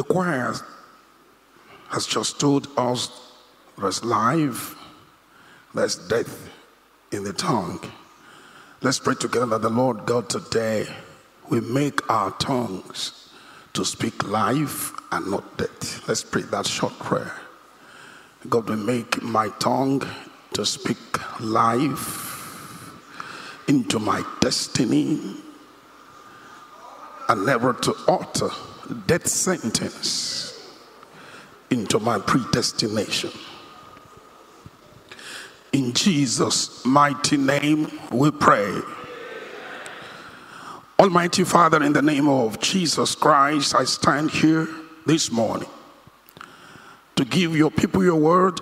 The choir has just told us there's life, there's death in the tongue. Let's pray together that the Lord God today will make our tongues to speak life and not death. Let's pray that short prayer. God will make my tongue to speak life into my destiny and never to utter death sentence into my predestination. In Jesus' mighty name, we pray. Almighty Father, in the name of Jesus Christ, I stand here this morning to give your people your word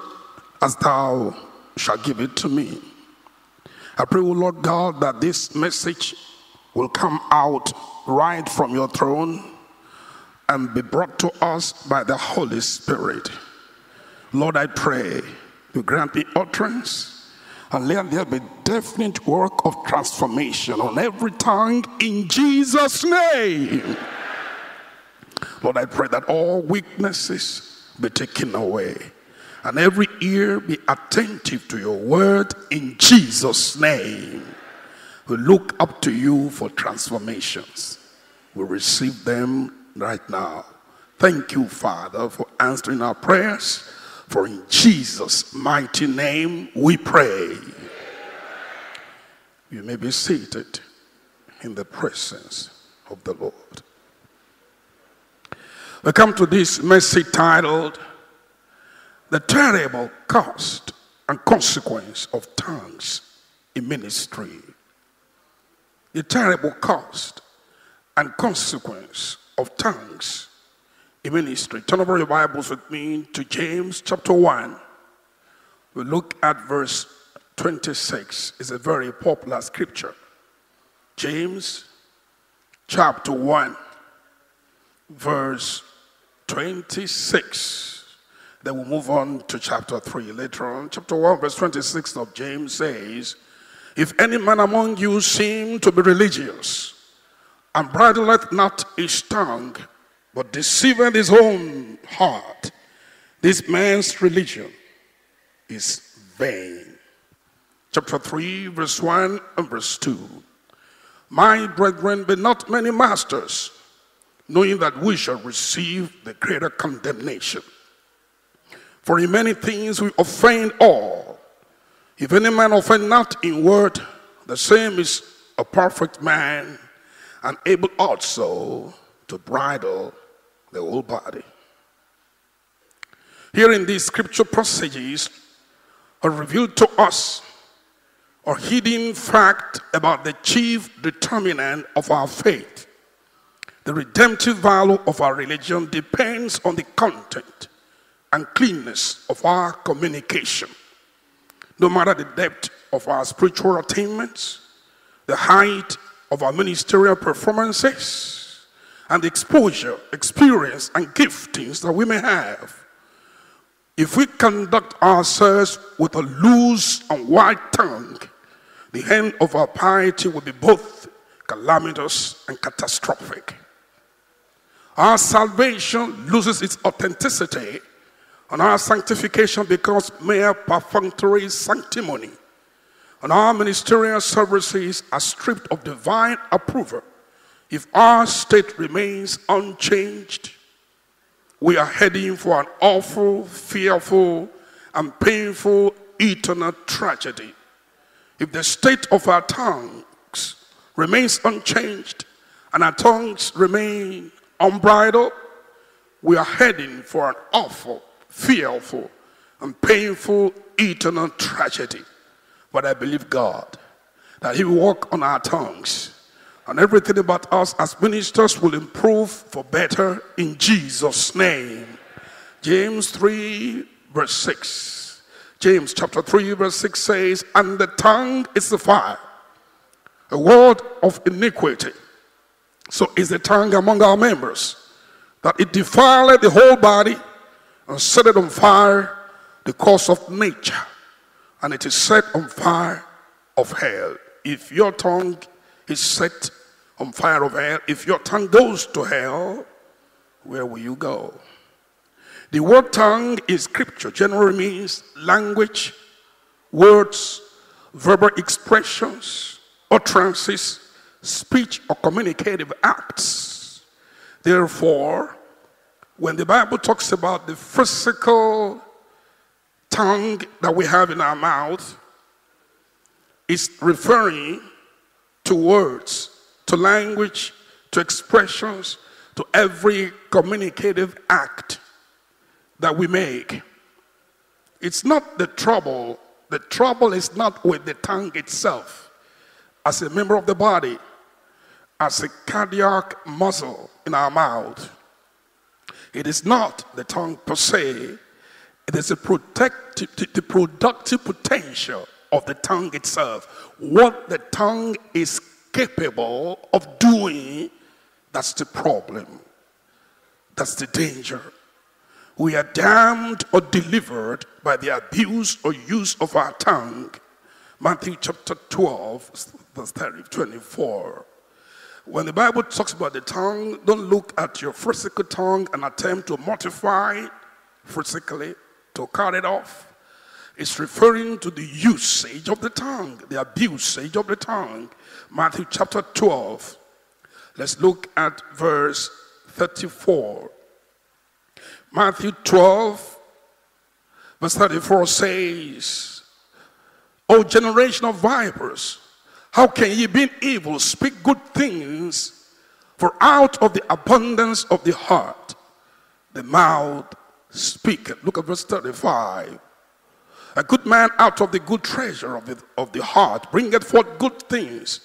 as thou shalt give it to me. I pray, O Lord God, that this message will come out right from your throne and be brought to us by the Holy Spirit. Lord, I pray you grant me utterance and let there be definite work of transformation on every tongue in Jesus' name. Lord, I pray that all weaknesses be taken away and every ear be attentive to your word in Jesus' name. We look up to you for transformations. We receive them right now. Thank you, Father, for answering our prayers. For in Jesus' mighty name we pray. You may be seated in the presence of the Lord. We come to this message titled The Terrible Cost and Consequence of Tongues in Ministry. The terrible cost and consequence of tongues in ministry. Turn over your Bibles with me to James chapter 1. We look at verse 26. It's a very popular scripture. James chapter 1, verse 26. Then we'll move on to chapter 3 later on. Chapter 1, verse 26 of James says, If any man among you seem to be religious, and bridleth not his tongue, but deceiveth his own heart. This man's religion is vain. Chapter 3, verse 1 and verse 2. My brethren, be not many masters, knowing that we shall receive the greater condemnation. For in many things we offend all. If any man offend not in word, the same is a perfect man and able also to bridle the whole body. Here in these scripture passages are revealed to us a hidden fact about the chief determinant of our faith. The redemptive value of our religion depends on the content and cleanness of our communication. No matter the depth of our spiritual attainments, the height of our ministerial performances and the exposure, experience, and giftings that we may have. If we conduct ourselves with a loose and wide tongue, the end of our piety will be both calamitous and catastrophic. Our salvation loses its authenticity, and our sanctification becomes mere perfunctory sanctimony and our ministerial services are stripped of divine approval, if our state remains unchanged, we are heading for an awful, fearful, and painful eternal tragedy. If the state of our tongues remains unchanged and our tongues remain unbridled, we are heading for an awful, fearful, and painful eternal tragedy. But I believe God that He will work on our tongues. And everything about us as ministers will improve for better in Jesus' name. James 3, verse 6. James chapter 3, verse 6 says, And the tongue is the fire, a word of iniquity. So is the tongue among our members, that it defileth the whole body and set it on fire, the course of nature and it is set on fire of hell. If your tongue is set on fire of hell, if your tongue goes to hell, where will you go? The word tongue is scripture, generally means language, words, verbal expressions, utterances, speech, or communicative acts. Therefore, when the Bible talks about the physical tongue that we have in our mouth is referring to words, to language, to expressions, to every communicative act that we make. It's not the trouble. The trouble is not with the tongue itself. As a member of the body, as a cardiac muscle in our mouth, it is not the tongue per se there's a protective, the productive potential of the tongue itself. What the tongue is capable of doing, that's the problem. That's the danger. We are damned or delivered by the abuse or use of our tongue. Matthew chapter 12, verse 24. When the Bible talks about the tongue, don't look at your physical tongue and attempt to mortify physically to cut it off. It's referring to the usage of the tongue, the abusage of the tongue. Matthew chapter 12. Let's look at verse 34. Matthew 12, verse 34 says, O generation of vipers, how can ye being evil speak good things? For out of the abundance of the heart, the mouth Speak. Look at verse 35. A good man out of the good treasure of the, of the heart bringeth forth good things.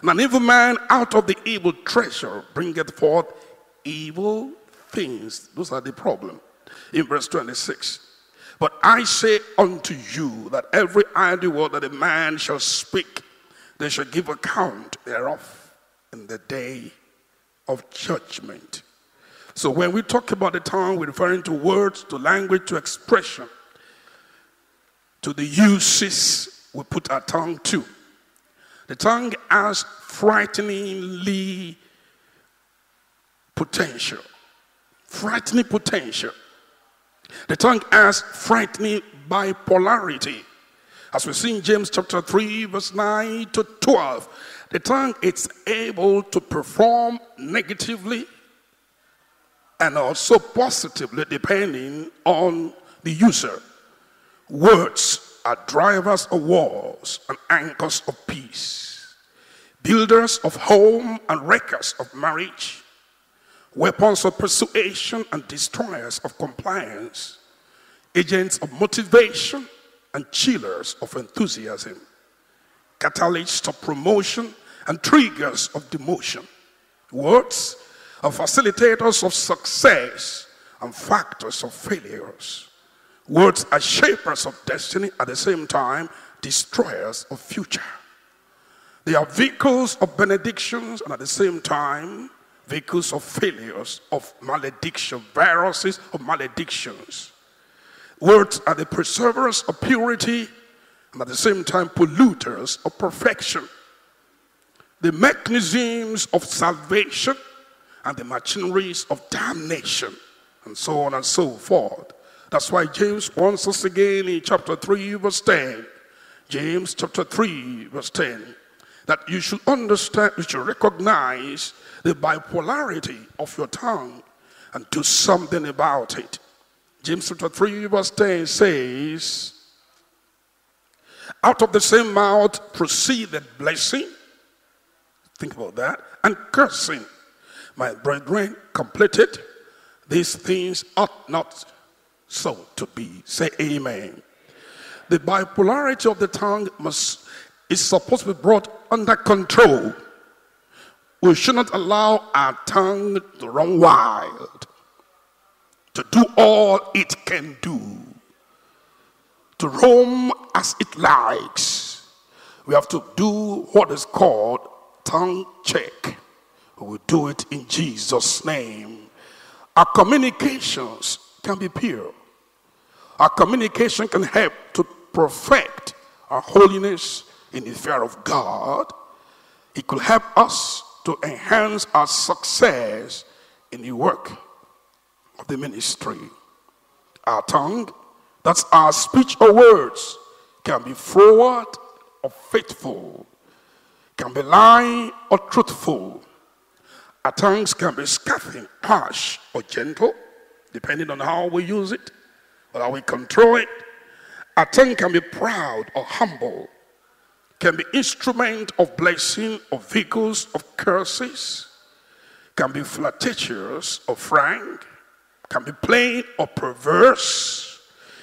And an evil man out of the evil treasure bringeth forth evil things. Those are the problem. In verse 26. But I say unto you that every idle word that a man shall speak, they shall give account thereof in the day of judgment. So when we talk about the tongue, we're referring to words, to language, to expression, to the uses we put our tongue to. The tongue has frighteningly potential. Frightening potential. The tongue has frightening bipolarity. As we see in James chapter 3, verse 9 to 12, the tongue is able to perform negatively and also positively depending on the user. Words are drivers of wars and anchors of peace, builders of home and wreckers of marriage, weapons of persuasion and destroyers of compliance, agents of motivation and chillers of enthusiasm, catalysts of promotion and triggers of demotion. Words and facilitators of success and factors of failures. Words are shapers of destiny, at the same time, destroyers of future. They are vehicles of benedictions, and at the same time, vehicles of failures, of malediction, viruses of maledictions. Words are the preservers of purity, and at the same time, polluters of perfection. The mechanisms of salvation and the machineries of damnation, and so on and so forth. That's why James warns us again in chapter 3, verse 10. James chapter 3, verse 10. That you should understand, you should recognize the bipolarity of your tongue and do something about it. James chapter 3, verse 10 says, Out of the same mouth proceeded blessing. Think about that. And cursing. My brethren, completed, these things ought not so to be. Say amen. The bipolarity of the tongue must is supposed to be brought under control. We should not allow our tongue to run wild, to do all it can do, to roam as it likes. We have to do what is called tongue check. We do it in Jesus' name. Our communications can be pure. Our communication can help to perfect our holiness in the fear of God. It could help us to enhance our success in the work of the ministry. Our tongue, that's our speech or words, can be forward or faithful, can be lying or truthful, our tongues can be scathing, harsh, or gentle, depending on how we use it or how we control it. Our tongue can be proud or humble, can be instrument of blessing or vehicles of curses, can be flirtatious or frank, can be plain or perverse,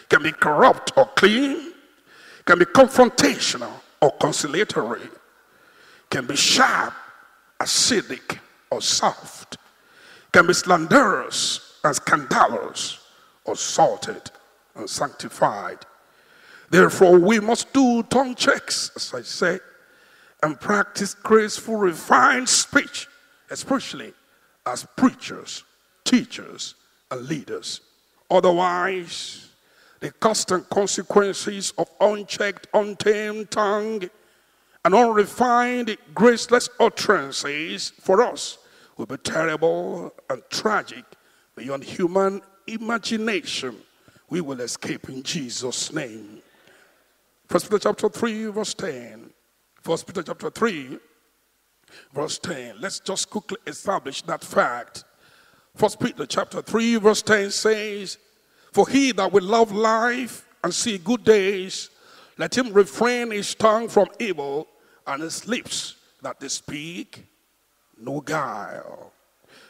can be corrupt or clean, can be confrontational or conciliatory, can be sharp, acidic, or soft, can be slanderous and scandalous, or salted and sanctified. Therefore, we must do tongue checks, as I say, and practice graceful, refined speech, especially as preachers, teachers, and leaders. Otherwise, the constant consequences of unchecked, untamed tongue and unrefined, graceless utterances for us will be terrible and tragic beyond human imagination. We will escape in Jesus' name. First Peter chapter 3, verse 10. First Peter chapter 3, verse 10. Let's just quickly establish that fact. First Peter chapter 3, verse 10 says, For he that will love life and see good days, let him refrain his tongue from evil and his lips that they speak no guile.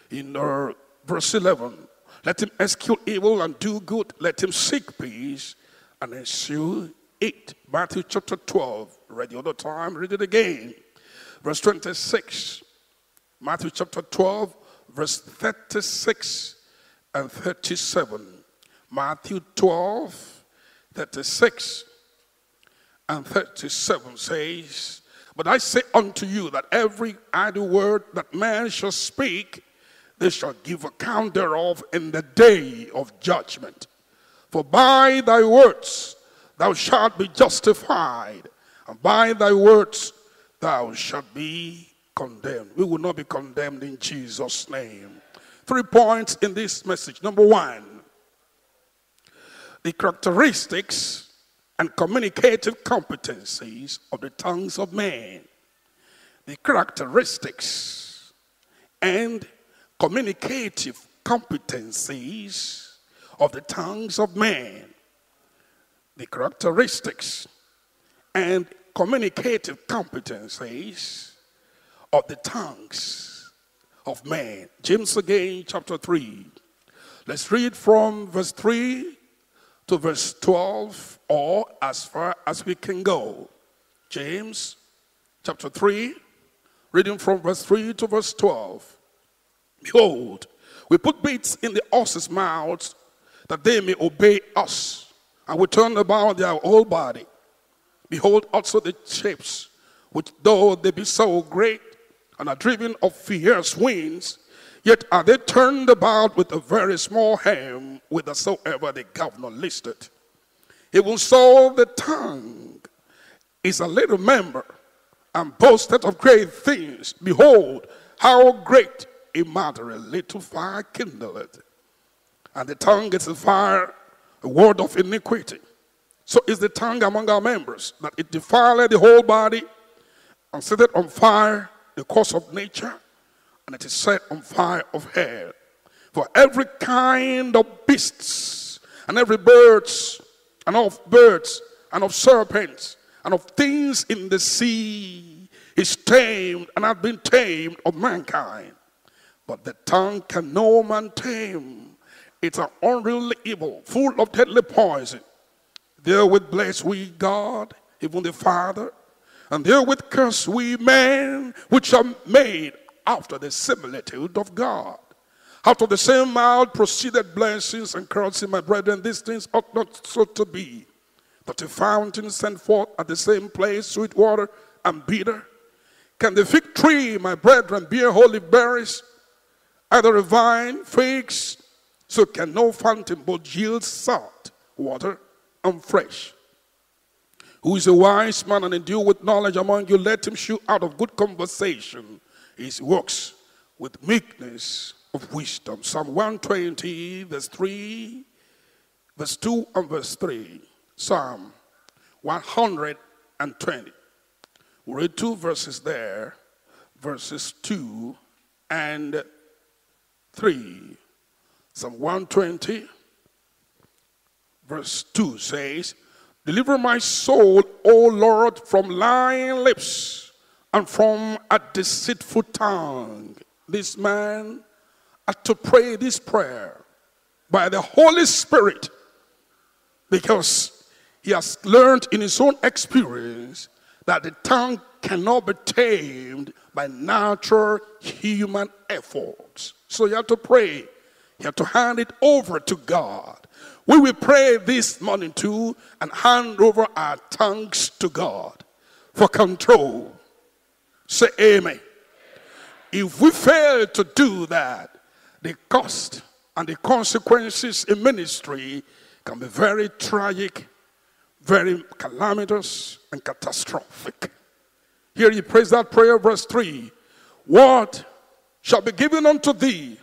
In uh, verse 11, let him execute evil and do good. Let him seek peace and ensue it. Matthew chapter 12. Read the other time, read it again. Verse 26. Matthew chapter 12, verse 36 and 37. Matthew 12, 36 and 37 says, but I say unto you that every idle word that man shall speak, they shall give account thereof in the day of judgment. For by thy words thou shalt be justified, and by thy words thou shalt be condemned. We will not be condemned in Jesus' name. Three points in this message. Number one, the characteristics and communicative competencies of the tongues of men, the characteristics and communicative competencies of the tongues of men, the characteristics and communicative competencies of the tongues of men. James again, chapter 3. Let's read from verse 3 to verse 12 or as far as we can go. James chapter 3, reading from verse 3 to verse 12. Behold, we put bits in the horses' mouths that they may obey us, and we turn about their whole body. Behold also the ships, which though they be so great and are driven of fierce winds, Yet are they turned about with a very small hand, whithersoever the governor listed. It will sow the tongue is a little member and boasted of great things. Behold, how great a matter a little fire kindleth. And the tongue is a fire, a word of iniquity. So is the tongue among our members that it defileth the whole body and setteth on fire the course of nature and it is set on fire of hell. For every kind of beasts, and every birds, and of birds, and of serpents, and of things in the sea is tamed and hath been tamed of mankind. But the tongue can no man tame. It's an unruly evil, full of deadly poison. Therewith bless we God, even the Father, and therewith curse we man, which are made after the similitude of God. after the same mouth proceeded blessings and curses, my brethren. These things ought not so to be. but a fountain sent forth at the same place sweet water and bitter. Can the fig tree, my brethren, bear holy berries? Either a vine, figs, so can no fountain but yield salt, water, and fresh. Who is a wise man and endued with knowledge among you, let him shew out of good conversation his works with meekness of wisdom. Psalm 120, verse 3, verse 2, and verse 3. Psalm 120. We read two verses there, verses 2 and 3. Psalm 120, verse 2 says, Deliver my soul, O Lord, from lying lips and from a deceitful tongue. This man had to pray this prayer by the Holy Spirit because he has learned in his own experience that the tongue cannot be tamed by natural human efforts. So you have to pray. You have to hand it over to God. We will pray this morning too and hand over our tongues to God for control. Say amen. If we fail to do that, the cost and the consequences in ministry can be very tragic, very calamitous, and catastrophic. Here he prays that prayer, verse 3 What shall be given unto thee?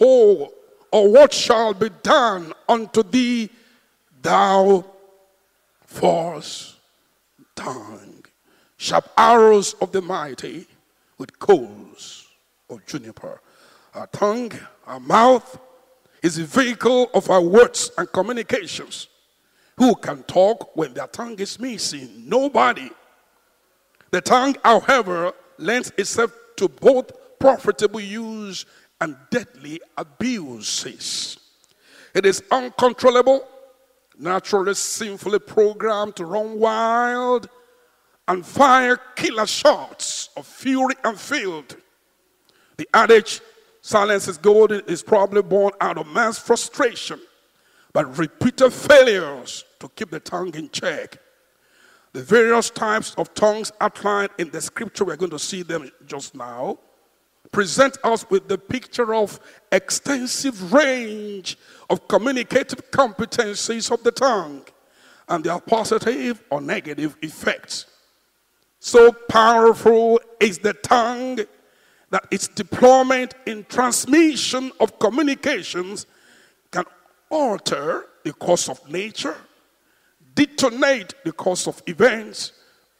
Oh, or what shall be done unto thee, thou false down? sharp arrows of the mighty with coals of juniper. Our tongue, our mouth is a vehicle of our words and communications. Who can talk when their tongue is missing? Nobody. The tongue, however, lends itself to both profitable use and deadly abuses. It is uncontrollable, naturally sinfully programmed to run wild and fire killer shots of fury and field. The adage, silence is golden, is probably born out of man's frustration, but repeated failures to keep the tongue in check. The various types of tongues outlined in the scripture, we're going to see them just now, present us with the picture of extensive range of communicative competencies of the tongue and their positive or negative effects. So powerful is the tongue that its deployment in transmission of communications can alter the course of nature, detonate the course of events,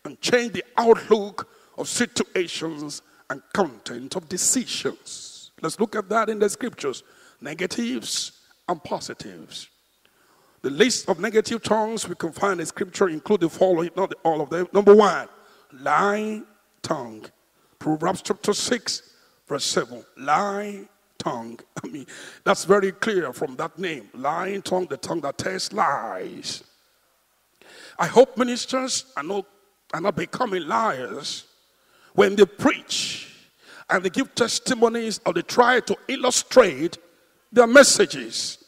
and change the outlook of situations and content of decisions. Let's look at that in the scriptures negatives and positives. The list of negative tongues we can find in scripture include the following, not all of them. Number one, lying tongue. Proverbs chapter 6, verse 7. Lying tongue. I mean, that's very clear from that name. Lying tongue, the tongue that tells lies. I hope ministers are not, are not becoming liars when they preach and they give testimonies or they try to illustrate their messages.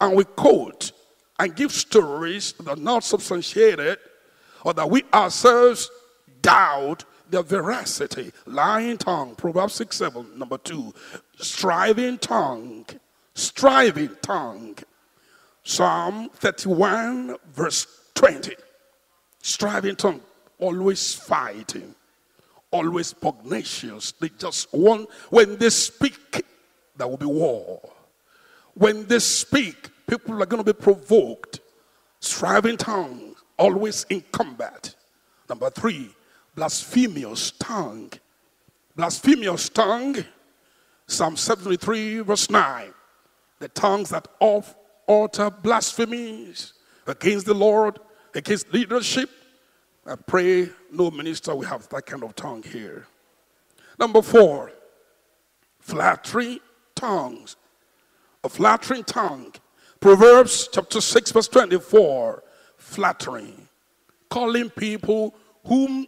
And we quote and give stories that are not substantiated or that we ourselves doubt the veracity. Lying tongue, Proverbs 6 7, number 2. Striving tongue, striving tongue. Psalm 31, verse 20. Striving tongue, always fighting, always pugnacious. They just want, when they speak, there will be war. When they speak, people are going to be provoked. Striving tongue, always in combat. Number three, blasphemous tongue. Blasphemous tongue, Psalm 73, verse 9. The tongues that off utter blasphemies against the Lord, against leadership. I pray no minister will have that kind of tongue here. Number four, flattering tongues. A flattering tongue. Proverbs chapter 6, verse 24. Flattering. Calling people whom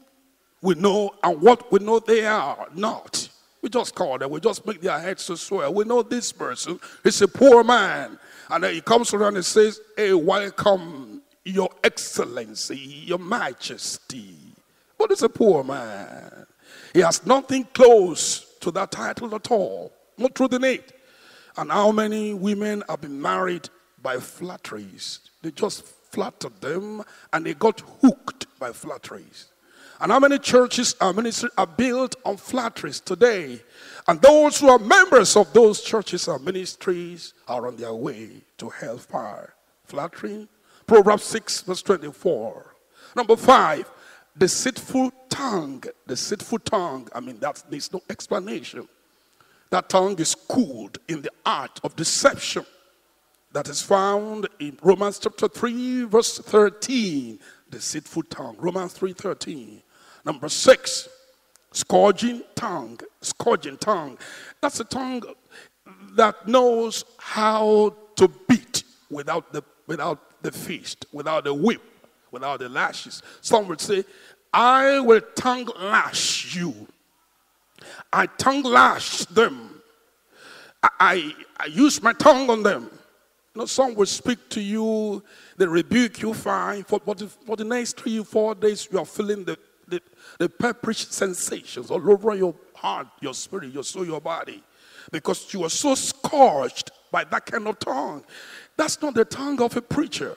we know and what we know they are not. We just call them, we just make their heads to swell. We know this person is a poor man. And then he comes around and says, Hey, welcome, Your Excellency, Your Majesty. But it's a poor man. He has nothing close to that title at all, not through the need. And how many women have been married by flatteries? They just flattered them and they got hooked by flatteries. And how many churches and ministries are built on flatteries today? And those who are members of those churches and ministries are on their way to hellfire. Flattery. Proverbs 6, verse 24. Number five, deceitful tongue. Deceitful tongue. I mean, that needs no explanation. That tongue is schooled in the art of deception that is found in Romans chapter 3, verse 13. Deceitful tongue. Romans 3:13. Number six, scourging tongue. Scourging tongue. That's a tongue that knows how to beat without the, without the fist, without the whip, without the lashes. Some would say, I will tongue lash you. I tongue lash them. I, I, I use my tongue on them. You know, some will speak to you, they rebuke you fine. For, for, the, for the next three, four days, you are feeling the the, the purplish sensations all over your heart, your spirit, your soul, your body. Because you are so scorched by that kind of tongue. That's not the tongue of a preacher.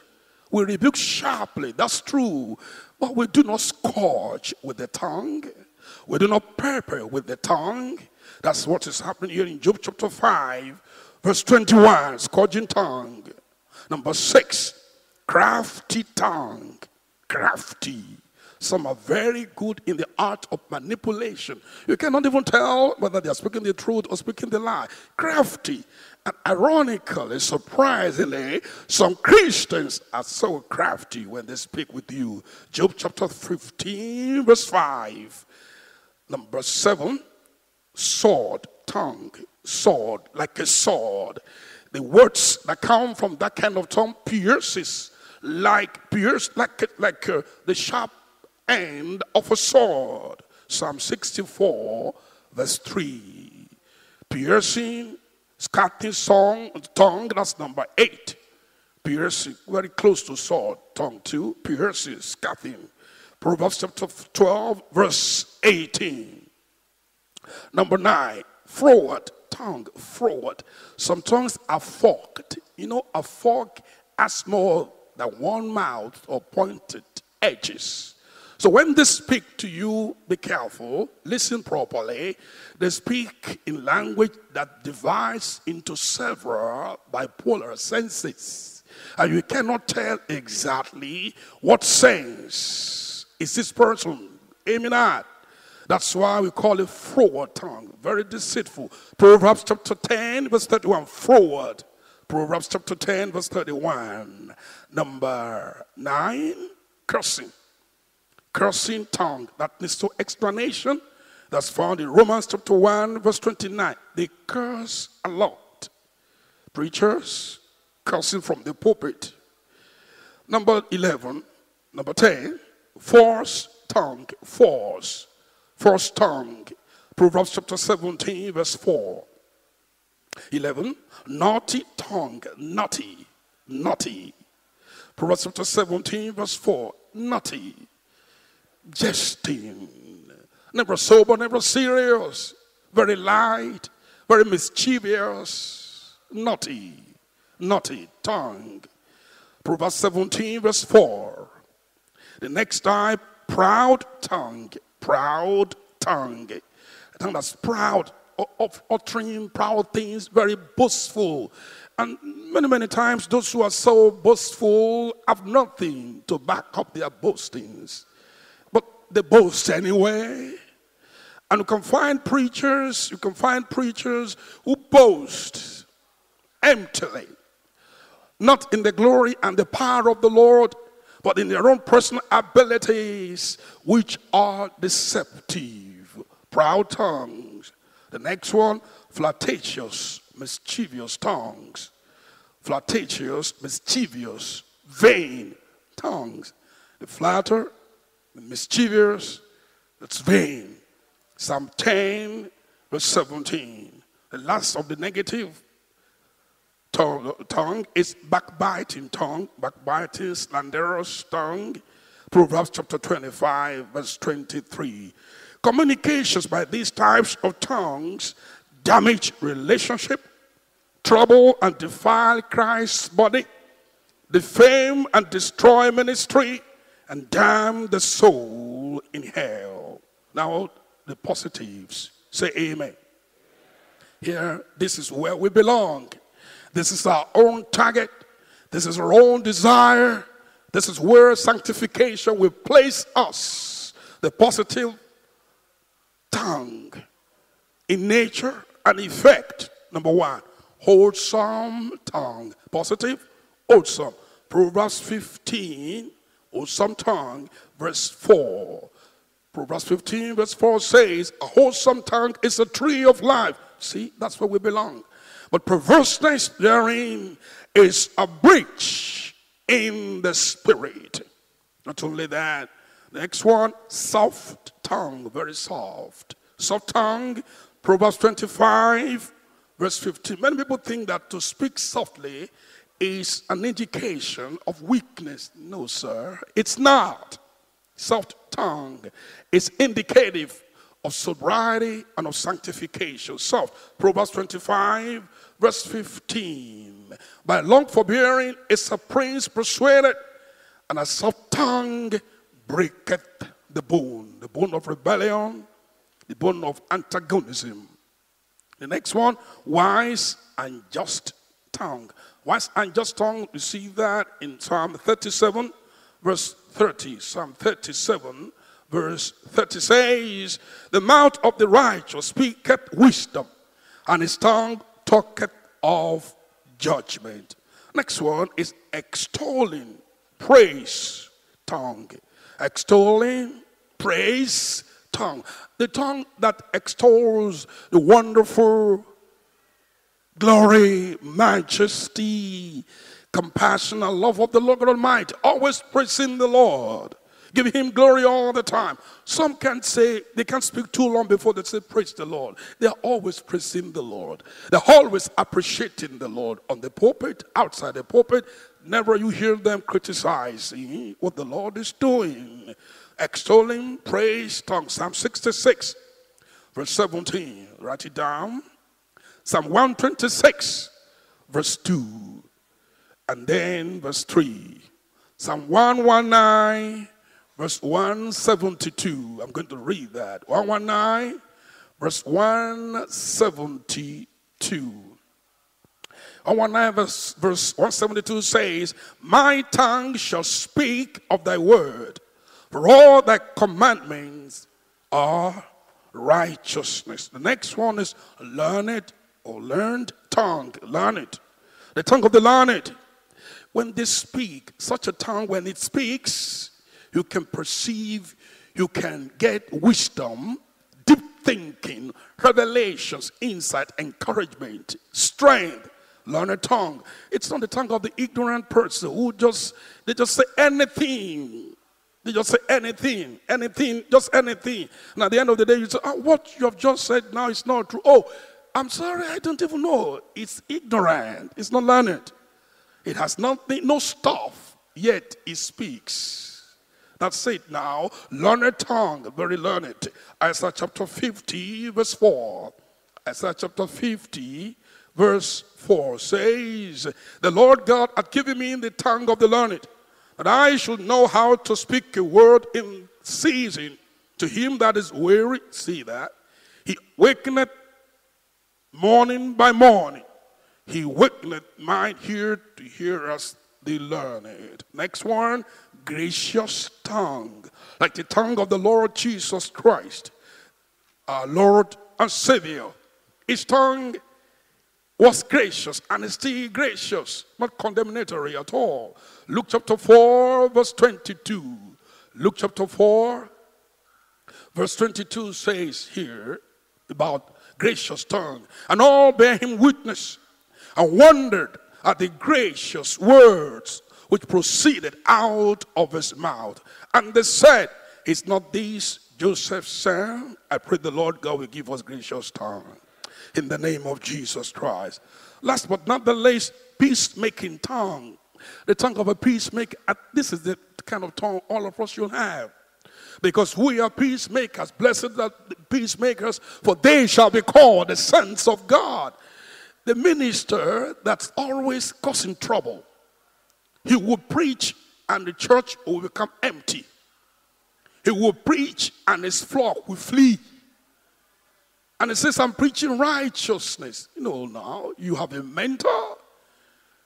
We rebuke sharply, that's true. But we do not scourge with the tongue. We do not pepper with the tongue. That's what is happening here in Job chapter 5, verse 21, scourging tongue. Number six, crafty tongue. Crafty. Some are very good in the art of manipulation. You cannot even tell whether they are speaking the truth or speaking the lie. Crafty. And ironically, surprisingly, some Christians are so crafty when they speak with you. Job chapter 15, verse 5. Number 7, sword, tongue, sword, like a sword. The words that come from that kind of tongue pierces, like pierce, like, like uh, the sharp End of a sword. Psalm 64, verse 3. Piercing, scattering song, tongue, that's number 8. Piercing, very close to sword, tongue 2. Piercing, scattering. Proverbs chapter 12, verse 18. Number 9, forward, tongue, forward. Some tongues are forked. You know, a fork has more than one mouth or pointed edges. So when they speak to you, be careful, listen properly. They speak in language that divides into several bipolar senses. And you cannot tell exactly what sense is this person aiming at. That's why we call it forward tongue, very deceitful. Proverbs chapter 10, verse 31, forward. Proverbs chapter 10, verse 31. Number 9, cursing cursing tongue that needs no explanation. That's found in Romans chapter 1, verse 29. They curse a lot. Preachers cursing from the pulpit. Number 11, number 10, false tongue, false, false tongue. Proverbs chapter 17, verse 4. 11, naughty tongue, naughty, naughty. Proverbs chapter 17, verse 4, naughty jesting, never sober, never serious, very light, very mischievous, naughty, naughty tongue. Proverbs 17, verse 4. The next time, proud tongue, proud tongue. A tongue that's proud, of uttering proud things, very boastful. And many, many times, those who are so boastful have nothing to back up their boastings they boast anyway. And you can find preachers, you can find preachers who boast emptily, not in the glory and the power of the Lord, but in their own personal abilities, which are deceptive, proud tongues. The next one, flirtatious, mischievous tongues. Flirtatious, mischievous, vain tongues. The flatter mischievous, that's vain. Psalm 10, verse 17. The last of the negative tongue is backbiting tongue, backbiting, slanderous tongue. Proverbs chapter 25, verse 23. Communications by these types of tongues damage relationship, trouble and defile Christ's body, defame and destroy ministry, and damn the soul in hell. Now, the positives say amen. Here, this is where we belong. This is our own target. This is our own desire. This is where sanctification will place us. The positive tongue in nature and effect. Number one, wholesome tongue. Positive, wholesome. Proverbs 15 or some tongue. Verse 4. Proverbs 15, verse 4 says, A wholesome tongue is a tree of life. See, that's where we belong. But perverseness therein is a breach in the spirit. Not only that, next one, soft tongue, very soft. Soft tongue, Proverbs 25, verse 15. Many people think that to speak softly is an indication of weakness. No, sir, it's not. Soft tongue is indicative of sobriety and of sanctification. Soft. Proverbs 25, verse 15. By long forbearing is a prince persuaded, and a soft tongue breaketh the bone, the bone of rebellion, the bone of antagonism. The next one, wise and just tongue. Wise unjust tongue, we see that in Psalm 37, verse 30. Psalm 37, verse 30 says, The mouth of the righteous speaketh wisdom, and his tongue talketh of judgment. Next one is extolling, praise, tongue. Extolling, praise, tongue. The tongue that extols the wonderful glory, majesty, compassion, and love of the Lord God Almighty. Always praising the Lord. Give him glory all the time. Some can't say, they can't speak too long before they say, Praise the Lord. They're always praising the Lord. They're always appreciating the Lord on the pulpit, outside the pulpit. Never you hear them criticizing what the Lord is doing. Extolling, praise, tongue. Psalm 66, verse 17. Write it down. Psalm 126, verse 2, and then verse 3. Psalm 119, verse 172. I'm going to read that. 119, verse 172. 119 verse, verse 172 says, My tongue shall speak of thy word, for all thy commandments are righteousness. The next one is learned or learned tongue, learned, the tongue of the learned. When they speak, such a tongue, when it speaks, you can perceive, you can get wisdom, deep thinking, revelations, insight, encouragement, strength. Learn a tongue. It's not the tongue of the ignorant person who just they just say anything. They just say anything, anything, just anything. And at the end of the day, you say, oh, what you have just said now is not true. Oh, I'm sorry, I don't even know. It's ignorant, it's not learned. It has nothing, no stuff, yet it speaks. That's it now. Learned tongue, very learned. Isaiah chapter 50, verse 4. Isaiah chapter 50, verse 4 says, The Lord God hath given me the tongue of the learned, that I should know how to speak a word in season to him that is weary. See that? He wakeneth Morning by morning, he wakened mine here to hear us the learned. Next one, gracious tongue, like the tongue of the Lord Jesus Christ, our Lord and Savior. His tongue was gracious and is still gracious, not condemnatory at all. Luke chapter 4, verse 22. Luke chapter 4, verse 22 says here about gracious tongue, and all bear him witness, and wondered at the gracious words which proceeded out of his mouth. And they said, Is not this Joseph's son? I pray the Lord God will give us gracious tongue in the name of Jesus Christ. Last but not the least, peacemaking tongue. The tongue of a peacemaker. This is the kind of tongue all of us should have. Because we are peacemakers. Blessed are peacemakers, for they shall be called the sons of God. The minister that's always causing trouble, he will preach and the church will become empty. He will preach and his flock will flee. And he says, I'm preaching righteousness. You know, now you have a mentor,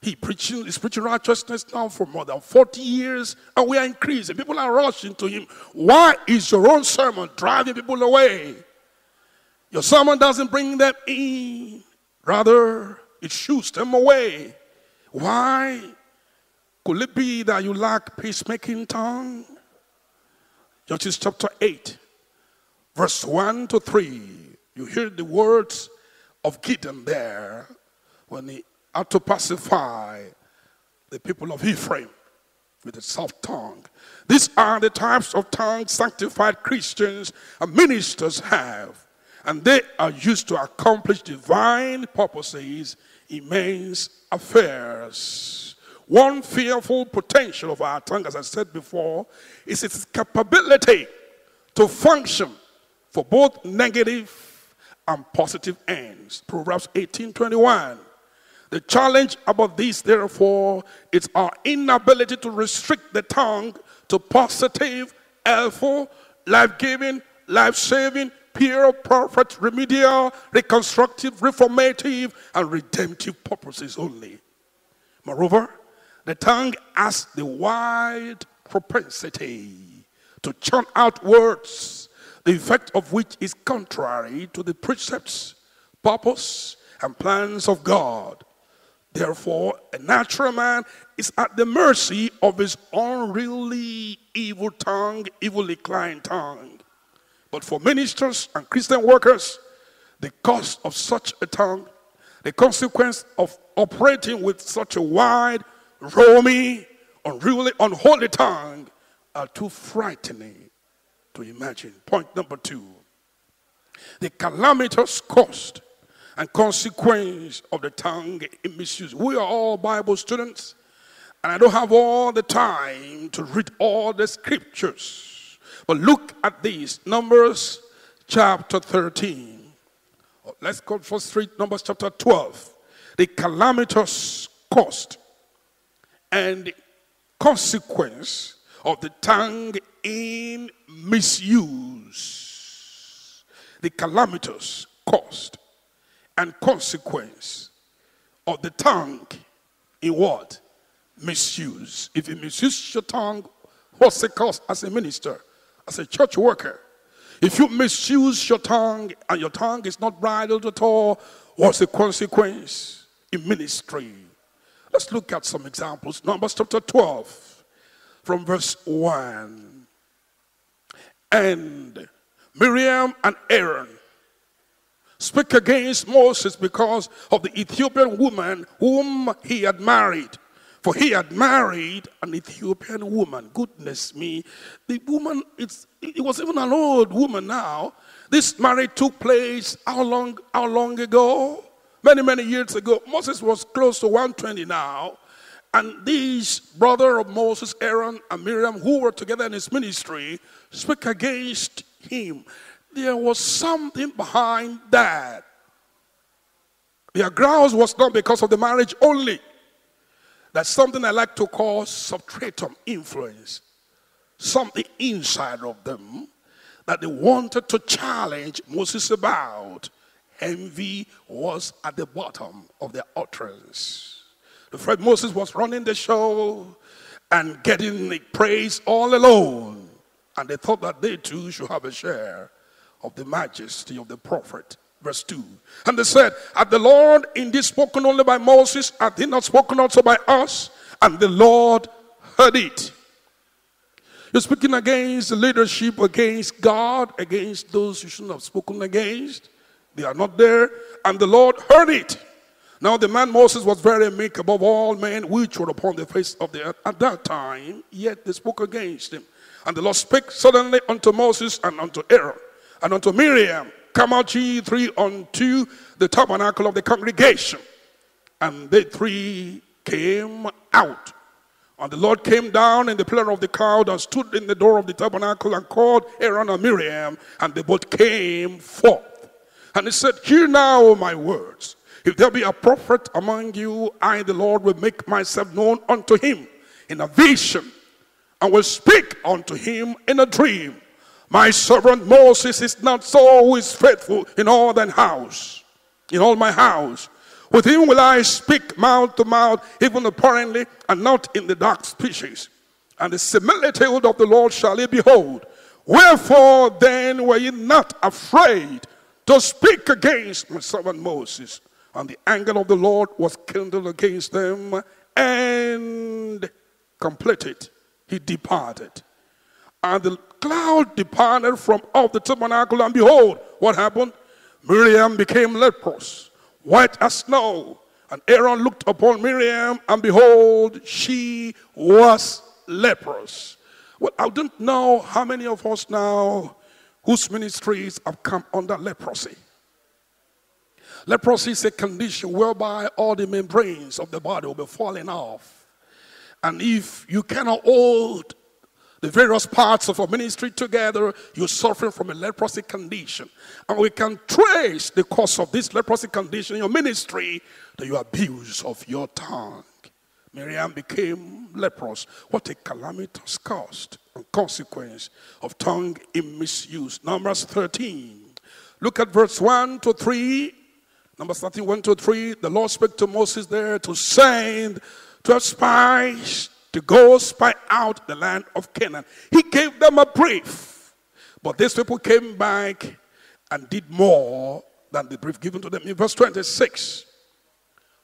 he preaching, preaching righteousness now for more than 40 years, and we are increasing. People are rushing to him. Why is your own sermon driving people away? Your sermon doesn't bring them in, rather, it shoots them away. Why? Could it be that you lack peacemaking tongue? Judges chapter 8, verse 1 to 3. You hear the words of Gideon there when he to pacify the people of Ephraim with a soft tongue. These are the types of tongues sanctified Christians and ministers have, and they are used to accomplish divine purposes, immense affairs. One fearful potential of our tongue, as I said before, is its capability to function for both negative and positive ends. Proverbs 18 21. The challenge about this, therefore, is our inability to restrict the tongue to positive, helpful, life giving, life saving, pure, perfect, remedial, reconstructive, reformative, and redemptive purposes only. Moreover, the tongue has the wide propensity to churn out words, the effect of which is contrary to the precepts, purpose, and plans of God. Therefore, a natural man is at the mercy of his unruly evil tongue, evil inclined tongue. But for ministers and Christian workers, the cost of such a tongue, the consequence of operating with such a wide, roamy, unruly, unholy tongue are too frightening to imagine. Point number two the calamitous cost and consequence of the tongue misuse. We are all Bible students, and I don't have all the time to read all the scriptures. But look at these Numbers chapter 13. Let's go first read Numbers chapter 12. The calamitous cost and consequence of the tongue in misuse. The calamitous cost and consequence of the tongue in what? Misuse. If you misuse your tongue, what's the cost as a minister, as a church worker? If you misuse your tongue and your tongue is not bridled at all, what's the consequence in ministry? Let's look at some examples. Numbers chapter 12, from verse 1. And Miriam and Aaron speak against Moses because of the Ethiopian woman whom he had married. For he had married an Ethiopian woman. Goodness me. The woman, it's, it was even an old woman now. This marriage took place how long, how long ago? Many, many years ago. Moses was close to 120 now. And these brother of Moses, Aaron and Miriam, who were together in his ministry, speak against him there was something behind that. Their grounds was not because of the marriage only. That's something I like to call substratum influence. Something inside of them that they wanted to challenge Moses about. Envy was at the bottom of their utterance. The friend Moses was running the show and getting the praise all alone. And they thought that they too should have a share of the majesty of the prophet. Verse 2. And they said, Had the Lord indeed spoken only by Moses? are he not spoken also by us? And the Lord heard it. You're speaking against the leadership, against God, against those you shouldn't have spoken against. They are not there. And the Lord heard it. Now the man Moses was very meek above all men which were upon the face of the earth at that time, yet they spoke against him. And the Lord spake suddenly unto Moses and unto Aaron and unto Miriam, Come out ye three unto the tabernacle of the congregation. And they three came out. And the Lord came down in the pillar of the cloud and stood in the door of the tabernacle and called Aaron and Miriam, and they both came forth. And he said, Hear now my words. If there be a prophet among you, I, the Lord, will make myself known unto him in a vision, and will speak unto him in a dream. My servant Moses is not so faithful in all that house, in all my house. With him will I speak mouth to mouth, even apparently, and not in the dark species. And the similitude of the Lord shall ye behold. Wherefore then were ye not afraid to speak against my servant Moses? And the anger of the Lord was kindled against them, and completed. He departed. And the cloud departed from off the tabernacle, and behold, what happened? Miriam became leprous, white as snow. And Aaron looked upon Miriam, and behold, she was leprous. Well, I don't know how many of us now whose ministries have come under leprosy. Leprosy is a condition whereby all the membranes of the body will be falling off. And if you cannot hold the various parts of our ministry together, you're suffering from a leprosy condition. And we can trace the cause of this leprosy condition in your ministry to your abuse of your tongue. Miriam became leprous. What a calamitous cost and consequence of tongue in misuse. Numbers 13. Look at verse 1 to 3. Numbers 13, 1 to 3. The Lord spoke to Moses there to send 12 spies to go spy out the land of Canaan. He gave them a brief, but these people came back and did more than the brief given to them. In verse 26,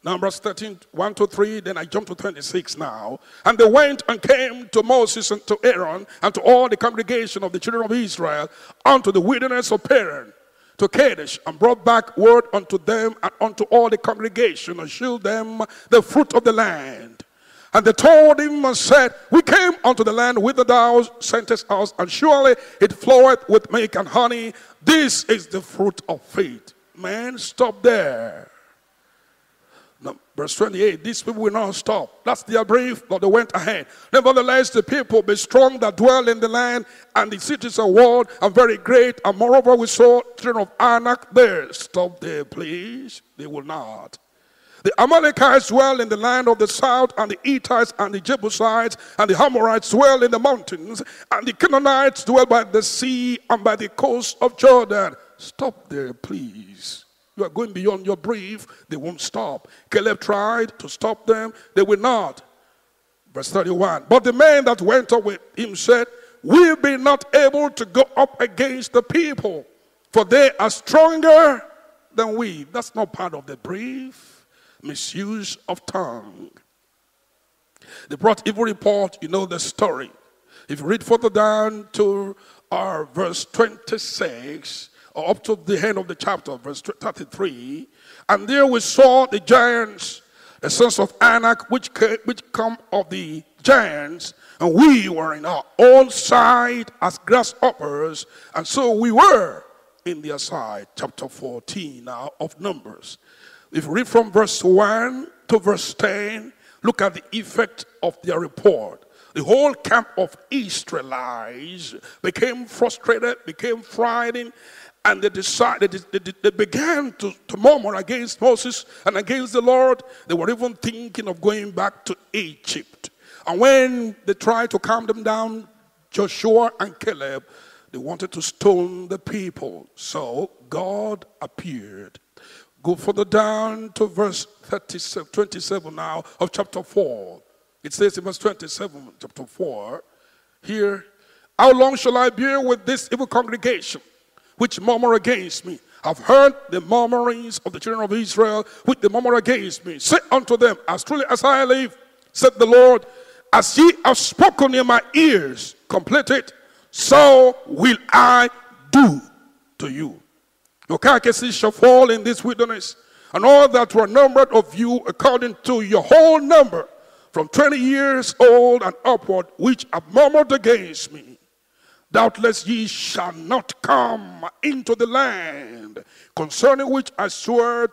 Numbers 13, 1 to 3, then I jump to 26 now. And they went and came to Moses and to Aaron and to all the congregation of the children of Israel unto the wilderness of Paran to Kadesh and brought back word unto them and unto all the congregation and showed them the fruit of the land. And they told him and said, We came unto the land whither thou sentest us, and surely it floweth with milk and honey. This is the fruit of faith. Man, stop there. Now, verse 28, these people will not stop. That's their brief, but they went ahead. Nevertheless, the people be strong that dwell in the land, and the cities of walled and very great. And moreover, we saw children of Anak there. Stop there, please. They will not. The Amalekites dwell in the land of the south, and the Etites and the Jebusites and the Hamorites dwell in the mountains, and the Canaanites dwell by the sea and by the coast of Jordan. Stop there, please. You are going beyond your brief. They won't stop. Caleb tried to stop them, they will not. Verse 31 But the man that went up with him said, We be not able to go up against the people, for they are stronger than we. That's not part of the brief misuse of tongue. They brought evil report, you know the story. If you read further down to our uh, verse 26, or up to the end of the chapter, verse 33, and there we saw the giants, the sons of Anak, which, came, which come of the giants, and we were in our own sight as grasshoppers, and so we were in their sight. Chapter 14 now uh, of Numbers. If you read from verse 1 to verse 10, look at the effect of their report. The whole camp of Israelites became frustrated, became frightened, and they decided they, they, they began to, to, murmur against Moses and against the Lord. They were even thinking of going back to Egypt. And when they tried to calm them down, Joshua and Caleb, they wanted to stone the people. So God appeared Go further down to verse 37, 27 now of chapter 4. It says in verse 27, chapter 4, here, How long shall I bear with this evil congregation which murmur against me? I've heard the murmurings of the children of Israel which the murmur against me. Say unto them, As truly as I live, said the Lord, as ye have spoken in my ears, complete it, so will I do to you. Your carcasses shall fall in this wilderness, and all that were numbered of you according to your whole number, from twenty years old and upward, which have murmured against me. Doubtless ye shall not come into the land concerning which I swore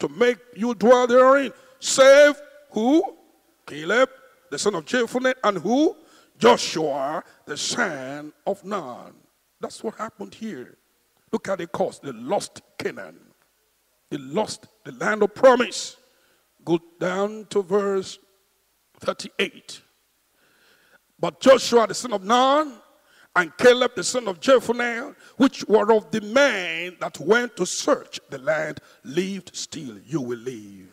to make you dwell therein, save who? Caleb, the son of Jephunneh, and who? Joshua, the son of Nun. That's what happened here. Look at the cost. They lost Canaan. They lost the land of promise. Go down to verse 38. But Joshua the son of Nun and Caleb the son of Jephunneh, which were of the men that went to search the land, lived still. You will live.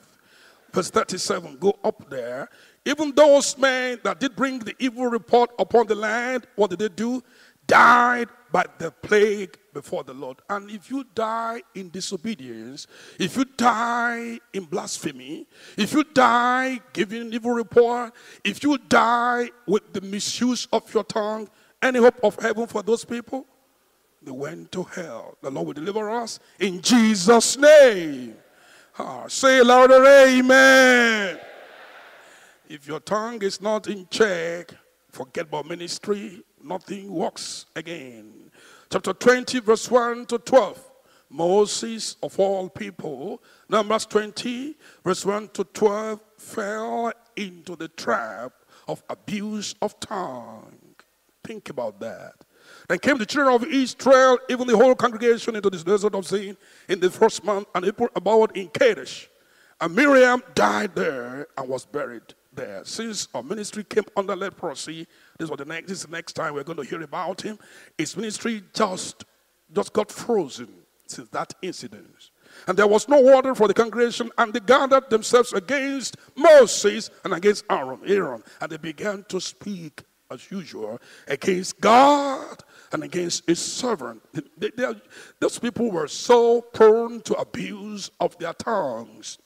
Verse 37, go up there. Even those men that did bring the evil report upon the land, what did they do? died by the plague before the Lord. And if you die in disobedience, if you die in blasphemy, if you die giving evil report, if you die with the misuse of your tongue, any hope of heaven for those people? They went to hell. The Lord will deliver us in Jesus' name. Ah, say louder, amen. If your tongue is not in check, forget about ministry, nothing works again. Chapter 20, verse 1 to 12. Moses of all people, Numbers 20, verse 1 to 12, fell into the trap of abuse of tongue. Think about that. Then came the children of Israel, even the whole congregation, into this desert of Zin in the first month, and they put about in Kadesh. And Miriam died there and was buried there. Since our ministry came under leprosy, this was the next, this is the next time we're going to hear about him. His ministry just, just got frozen since that incident. And there was no order for the congregation, and they gathered themselves against Moses and against Aaron, Aaron, and they began to speak as usual against God and against his servant. They, they, those people were so prone to abuse of their tongues.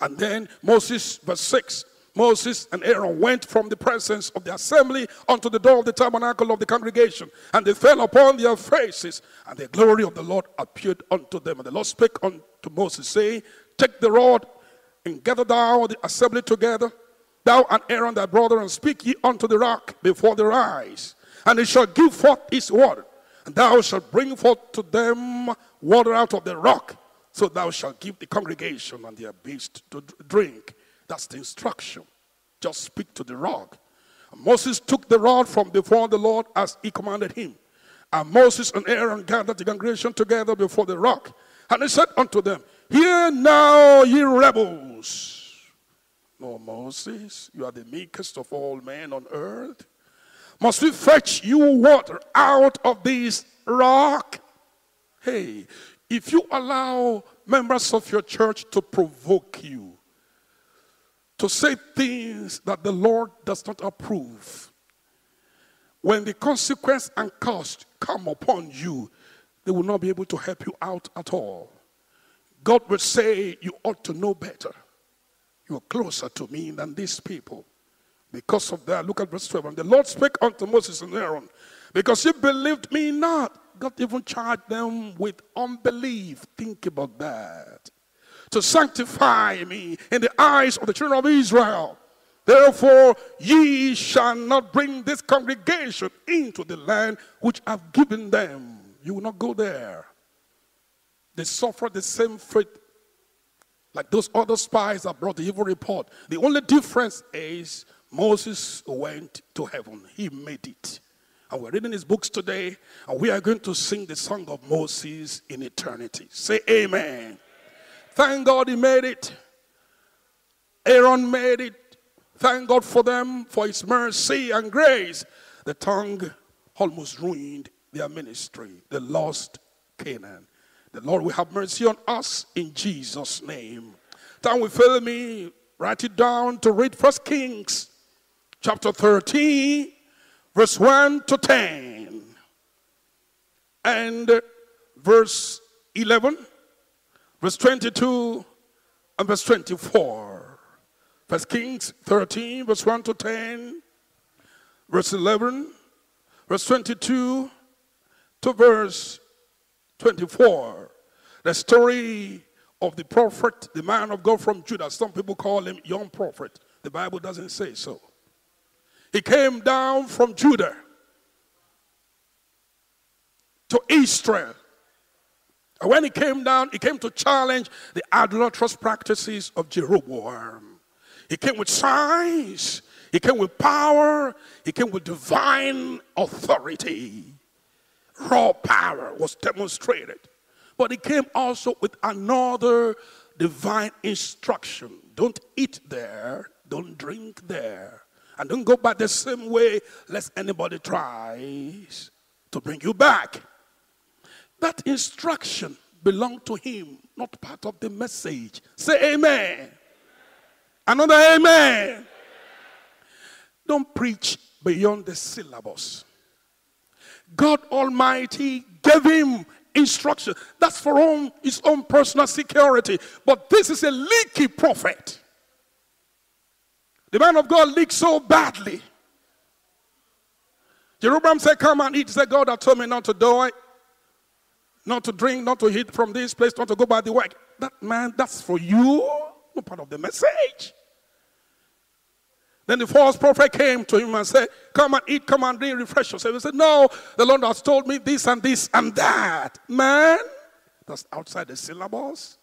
And then Moses, verse 6, Moses and Aaron went from the presence of the assembly unto the door of the tabernacle of the congregation, and they fell upon their faces, and the glory of the Lord appeared unto them. And the Lord spake unto Moses, saying, Take the rod and gather thou the assembly together, thou and Aaron thy brother, and speak ye unto the rock before their eyes, and it shall give forth its water, and thou shalt bring forth to them water out of the rock, so thou shalt give the congregation and their beasts to drink. That's the instruction. Just speak to the rock. Moses took the rod from before the Lord as he commanded him. And Moses and Aaron gathered the congregation together before the rock. And he said unto them, Hear now, ye rebels. No, Moses, you are the meekest of all men on earth. Must we fetch you water out of this rock? Hey, if you allow members of your church to provoke you, to say things that the Lord does not approve. When the consequence and cost come upon you, they will not be able to help you out at all. God will say, You ought to know better. You are closer to me than these people. Because of that, look at verse 12. And the Lord spake unto Moses and Aaron, because you believed me not. God even charged them with unbelief. Think about that to sanctify me in the eyes of the children of Israel. Therefore, ye shall not bring this congregation into the land which I've given them. You will not go there. They suffered the same fate like those other spies that brought the evil report. The only difference is Moses went to heaven, he made it. And we're reading his books today, and we are going to sing the song of Moses in eternity. Say amen. Thank God he made it. Aaron made it. Thank God for them, for his mercy and grace. The tongue almost ruined their ministry. They lost Canaan. The Lord will have mercy on us in Jesus' name. Time will fail me. Write it down to read First Kings chapter 13, verse 1 to 10. And verse 11 verse 22 and verse 24. First Kings 13, verse 1 to 10, verse 11, verse 22 to verse 24. The story of the prophet, the man of God from Judah. Some people call him young prophet. The Bible doesn't say so. He came down from Judah to Israel and when he came down, he came to challenge the idolatrous practices of Jeroboam. He came with signs, he came with power, he came with divine authority. Raw power was demonstrated. But he came also with another divine instruction don't eat there, don't drink there, and don't go back the same way, lest anybody tries to bring you back. That instruction belonged to him, not part of the message. Say amen. Another amen. amen. Don't preach beyond the syllabus. God Almighty gave him instruction. That's for own, his own personal security. But this is a leaky prophet. The man of God leaked so badly. Jeroboam said, Come and eat. He said, God I told me not to do it not to drink, not to eat from this place, not to go by the work. That man, that's for you, not part of the message. Then the false prophet came to him and said, Come and eat, come and drink, refresh yourself. He said, No, the Lord has told me this and this and that. Man, that's outside the syllables.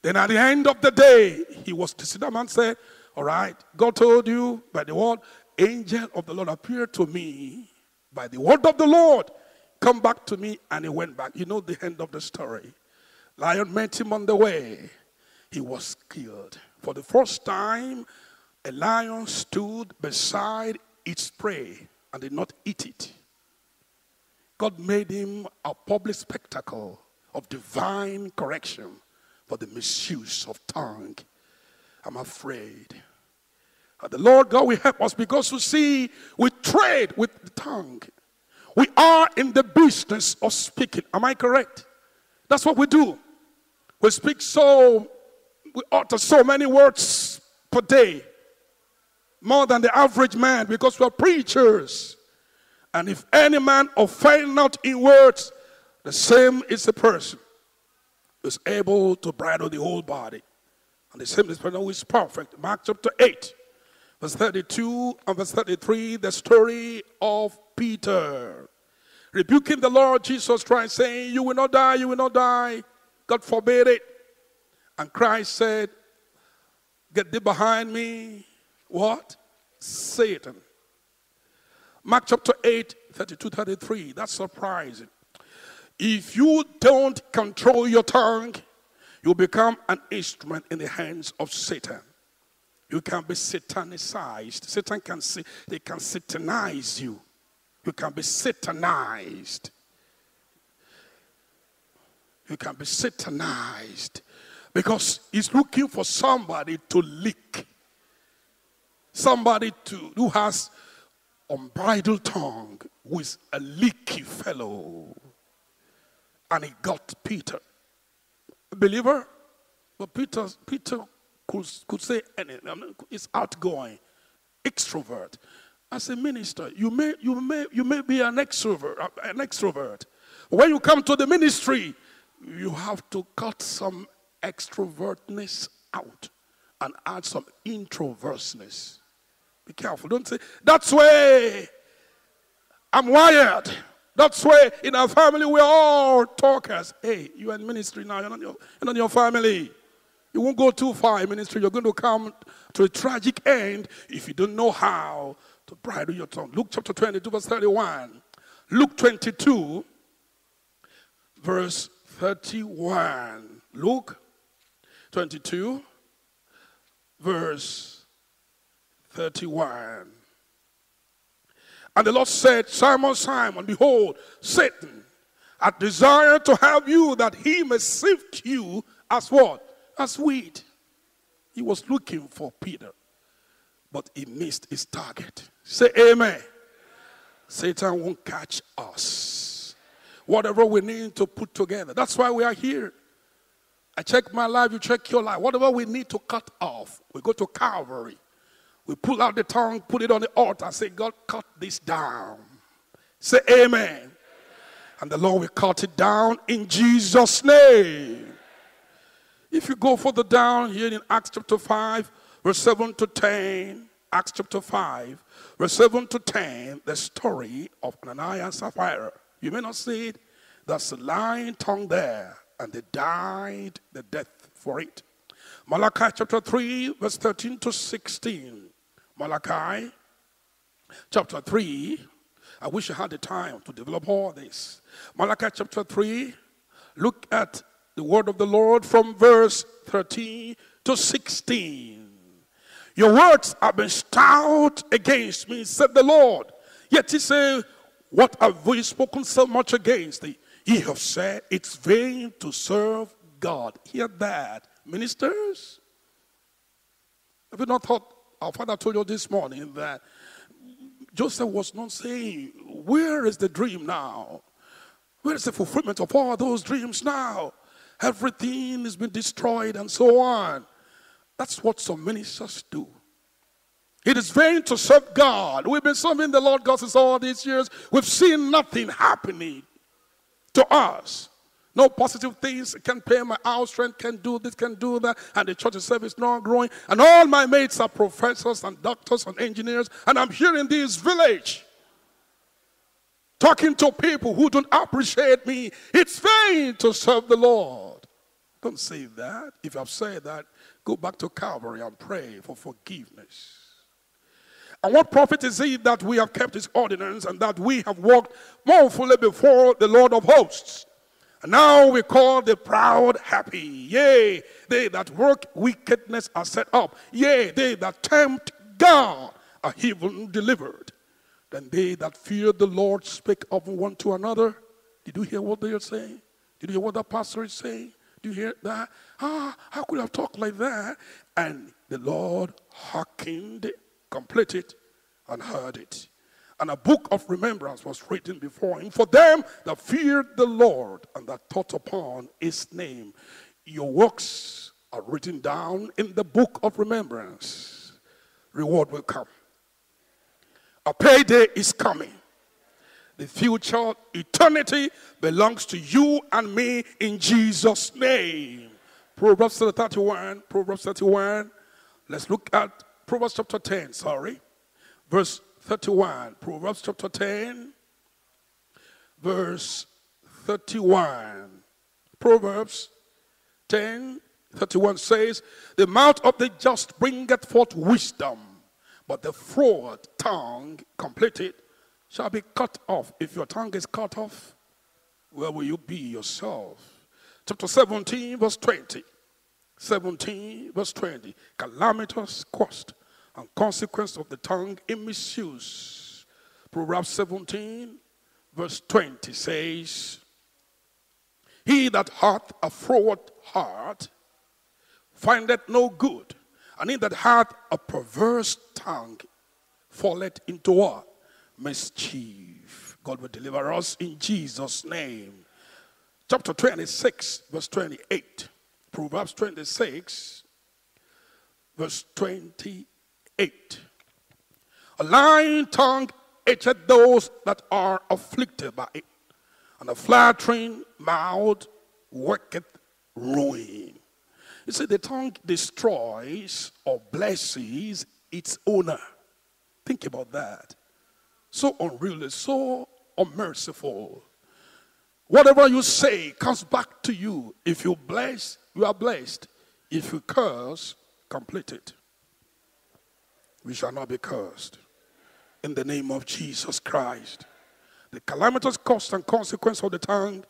Then at the end of the day, he was considered Man said, All right, God told you by the word, angel of the Lord appeared to me by the word of the Lord Come back to me. And he went back. You know the end of the story. Lion met him on the way. He was killed. For the first time, a lion stood beside its prey and did not eat it. God made him a public spectacle of divine correction for the misuse of tongue. I'm afraid. the Lord God will help us because you see, we trade with the tongue. We are in the business of speaking. Am I correct? That's what we do. We speak so, we utter so many words per day, more than the average man, because we are preachers. And if any man offend not in words, the same is the person who is able to bridle the whole body. And the same is person who is perfect. Mark chapter 8, verse 32 and verse 33, the story of Peter. Rebuking the Lord Jesus Christ, saying, You will not die, you will not die. God forbid it. And Christ said, Get thee behind me. What? Satan. Mark chapter 8, 32, 33. That's surprising. If you don't control your tongue, you become an instrument in the hands of Satan. You can be satanicized. Satan can they can satanize you. You can be satanized. You can be satanized because he's looking for somebody to lick, somebody to who has unbridled tongue, who is a leaky fellow, and he got Peter, a believer, but Peter Peter could could say anything. I mean, he's outgoing, extrovert. As a minister, you may, you may, you may be an extrovert, uh, an extrovert. When you come to the ministry, you have to cut some extrovertness out and add some introvertness. Be careful. Don't say, that's way I'm wired. That's why in our family we're all talkers. Hey, you in ministry now, you're not your, you're not your family. You won't go too far in ministry. You're going to come to a tragic end if you don't know how to bridle your tongue. Luke chapter 22, verse 31. Luke 22, verse 31. Luke 22, verse 31. And the Lord said, Simon, Simon, behold, Satan I desire to have you that he may sift you as what? As wheat. He was looking for Peter, but he missed his target. Say amen. Satan won't catch us. Whatever we need to put together. That's why we are here. I check my life, you check your life. Whatever we need to cut off, we go to Calvary. We pull out the tongue, put it on the altar, say, God, cut this down. Say amen. amen. And the Lord will cut it down in Jesus' name. If you go further down here in Acts chapter 5, verse 7 to 10, Acts chapter 5, verse 7 to 10, the story of Ananias and Sapphira. You may not see it. There's a lying tongue there, and they died the death for it. Malachi chapter 3, verse 13 to 16. Malachi chapter 3. I wish I had the time to develop all this. Malachi chapter 3, look at the word of the Lord from verse 13 to 16. Your words have been stout against me, said the Lord. Yet he said, What have we spoken so much against thee? Ye have said, It's vain to serve God. Hear that, ministers. Have you not thought, our father told you this morning that Joseph was not saying, Where is the dream now? Where is the fulfillment of all those dreams now? Everything has been destroyed and so on. That's what some ministers do. It is vain to serve God. We've been serving the Lord God since all these years. We've seen nothing happening to us. No positive things. Can't pay my house rent. Can't do this. Can't do that. And the church service not growing. And all my mates are professors and doctors and engineers. And I'm here in this village talking to people who don't appreciate me. It's vain to serve the Lord. Don't say that. If I've said that, go back to Calvary and pray for forgiveness. And what profit is it that we have kept his ordinance and that we have walked mournfully before the Lord of hosts? And now we call the proud happy. Yea, they that work wickedness are set up. Yea, they that tempt God are even delivered. Then they that fear the Lord speak of one to another. Did you hear what they are saying? Did you hear what the pastor is saying? you hear that? Ah, how could I talk like that? And the Lord hearkened, completed, and heard it. And a book of remembrance was written before him for them that feared the Lord and that thought upon his name. Your works are written down in the book of remembrance. Reward will come. A payday is coming. The future, eternity belongs to you and me in Jesus' name. Proverbs 31, Proverbs 31. Let's look at Proverbs chapter 10, sorry. Verse 31. Proverbs chapter 10, verse 31. Proverbs 10, 31 says, The mouth of the just bringeth forth wisdom, but the fraud tongue completed." shall be cut off. If your tongue is cut off, where will you be yourself? Chapter 17, verse 20. 17, verse 20. Calamitous cost and consequence of the tongue in misuse. Proverbs 17, verse 20 says, He that hath a froward heart findeth no good, and he that hath a perverse tongue falleth into what? mischief. God will deliver us in Jesus' name. Chapter 26, verse 28. Proverbs 26, verse 28. A lying tongue hateth those that are afflicted by it, and a flattering mouth worketh ruin. You see, the tongue destroys or blesses its owner. Think about that so unruly, so unmerciful. Whatever you say comes back to you. If you bless, you are blessed. If you curse, complete it. We shall not be cursed. In the name of Jesus Christ. The calamitous cost and consequence of the tongue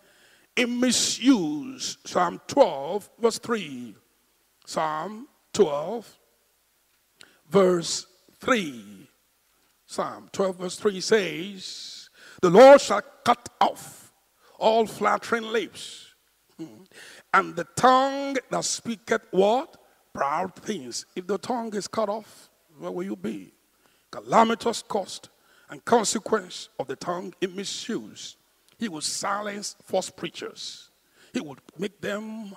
in misuse. Psalm 12, verse 3. Psalm 12, verse 3. Psalm 12, verse 3 says, The Lord shall cut off all flattering lips, hmm, and the tongue that speaketh what? Proud things. If the tongue is cut off, where will you be? Calamitous cost and consequence of the tongue it misuse. He will silence false preachers. He will make them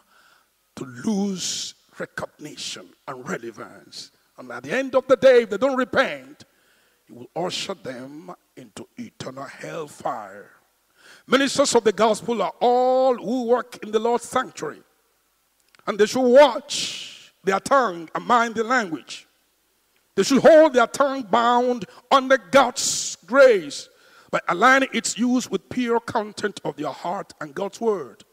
to lose recognition and relevance. And at the end of the day, if they don't repent, he will usher them into eternal hellfire. Ministers of the gospel are all who work in the Lord's sanctuary, and they should watch their tongue and mind the language. They should hold their tongue bound under God's grace by aligning its use with pure content of their heart and God's word.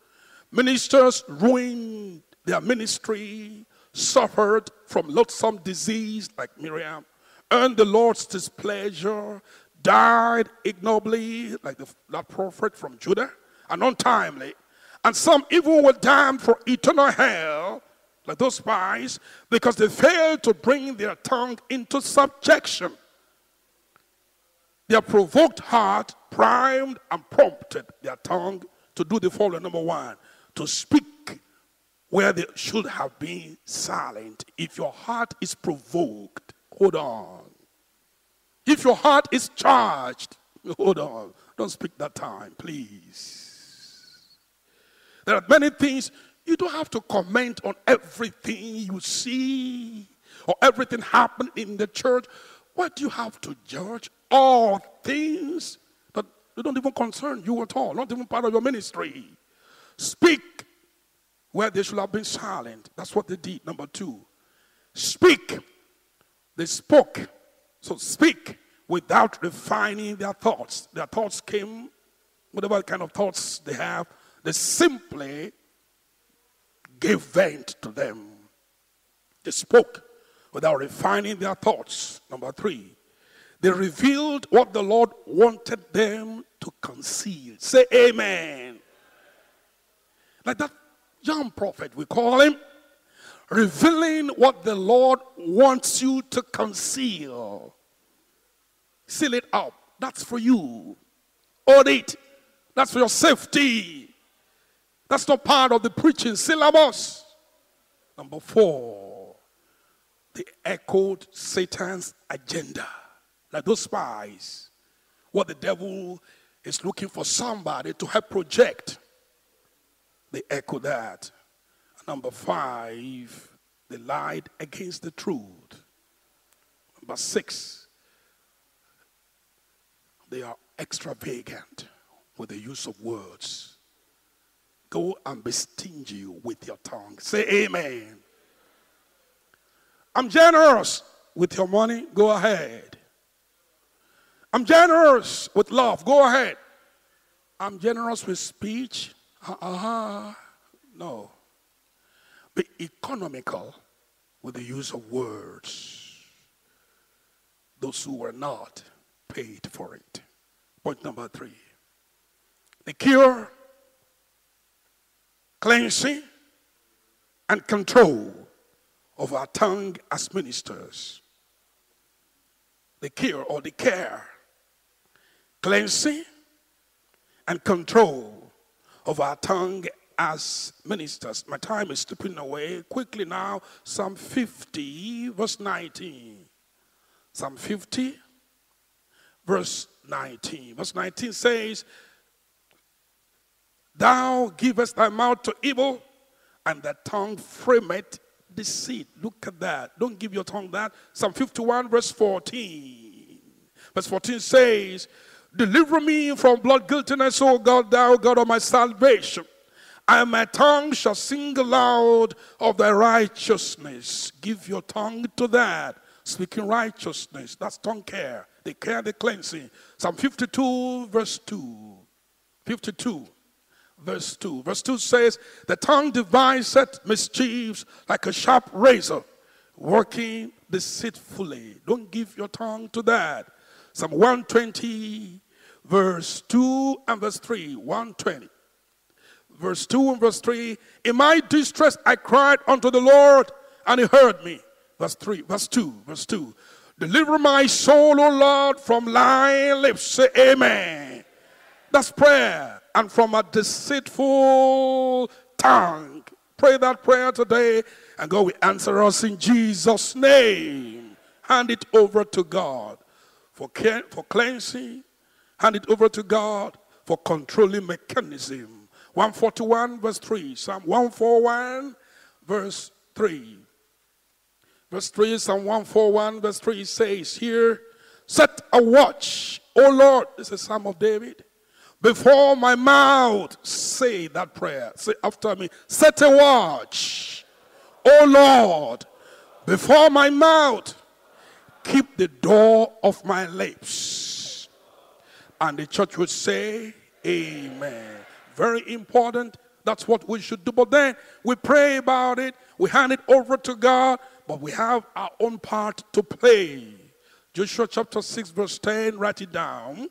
Ministers ruined their ministry, suffered from loathsome disease like Miriam earned the Lord's displeasure, died ignobly, like the, that prophet from Judah, and untimely. And some even were damned for eternal hell, like those spies, because they failed to bring their tongue into subjection. Their provoked heart primed and prompted their tongue to do the following number one, to speak where they should have been silent. If your heart is provoked, hold on. If your heart is charged, hold on. Don't speak that time, please. There are many things you don't have to comment on everything you see or everything happened in the church. What do you have to judge? All things that don't even concern you at all, not even part of your ministry. Speak where they should have been silent. That's what they did. Number two, speak they spoke. So speak without refining their thoughts. Their thoughts came, whatever kind of thoughts they have, they simply gave vent to them. They spoke without refining their thoughts. Number three, they revealed what the Lord wanted them to conceal. Say amen. Like that young prophet, we call him revealing what the Lord wants you to conceal. Seal it up. That's for you. Audit. it. That's for your safety. That's not part of the preaching syllabus. Number four, they echoed Satan's agenda. Like those spies, what the devil is looking for somebody to help project. They echo that. Number five, they lied against the truth. Number six, they are extravagant with the use of words. Go and be stingy with your tongue. Say amen. I'm generous with your money. Go ahead. I'm generous with love. Go ahead. I'm generous with speech. Uh-huh. No be economical with the use of words. Those who were not paid for it. Point number three the cure, cleansing, and control of our tongue as ministers. The cure or the care, cleansing, and control of our tongue as ministers. My time is slipping away. Quickly now, Psalm 50, verse 19. Psalm 50, verse 19. Verse 19 says, Thou givest thy mouth to evil, and thy tongue frameth deceit. Look at that. Don't give your tongue that. Psalm 51, verse 14. Verse 14 says, Deliver me from blood guiltiness, O God, thou God of my salvation. And my tongue shall sing aloud of thy righteousness. Give your tongue to that. Speaking righteousness. That's tongue care. The care, the cleansing. Psalm 52, verse 2. 52 verse 2. Verse 2 says, The tongue deviseth mischiefs like a sharp razor, working deceitfully. Don't give your tongue to that. Psalm 120, verse 2 and verse 3. 120 verse 2 and verse 3 In my distress I cried unto the Lord, and he heard me. Verse 3, verse 2, verse 2. Deliver my soul, O Lord, from lying lips. Say amen. That's prayer. And from a deceitful tongue. Pray that prayer today, and God will answer us in Jesus' name. Hand it over to God for, for cleansing. Hand it over to God for controlling mechanism 141, verse 3. Psalm 141, verse 3. Verse 3, Psalm 141, verse 3 says here, Set a watch, O Lord, this is Psalm of David, before my mouth. Say that prayer. Say after me, Set a watch, O Lord, before my mouth. Keep the door of my lips. And the church would say, Amen. Very important. That's what we should do. But then we pray about it, we hand it over to God, but we have our own part to play. Joshua chapter 6, verse 10, write it down.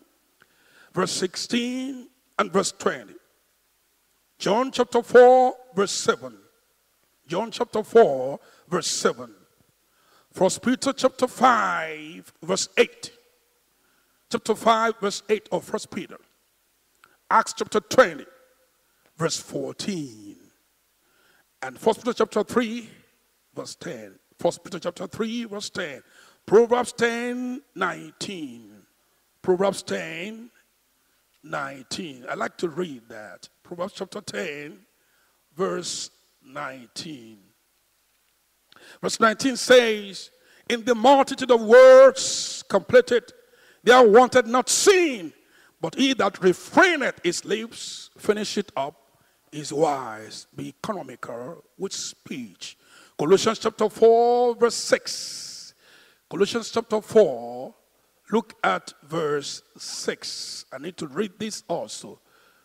Verse 16 and verse 20. John chapter 4, verse 7. John chapter 4, verse 7. First Peter chapter 5, verse 8. Chapter 5, verse 8 of First Peter. Acts chapter 20, verse 14. And First Peter chapter 3, verse 10. First Peter chapter 3, verse 10. Proverbs 10, 19. Proverbs 10, 19. I like to read that. Proverbs chapter 10, verse 19. Verse 19 says, In the multitude of words completed, there wanted not sin, but he that refraineth his lips finish it up is wise, be economical with speech. Colossians chapter 4, verse 6. Colossians chapter 4, look at verse 6. I need to read this also.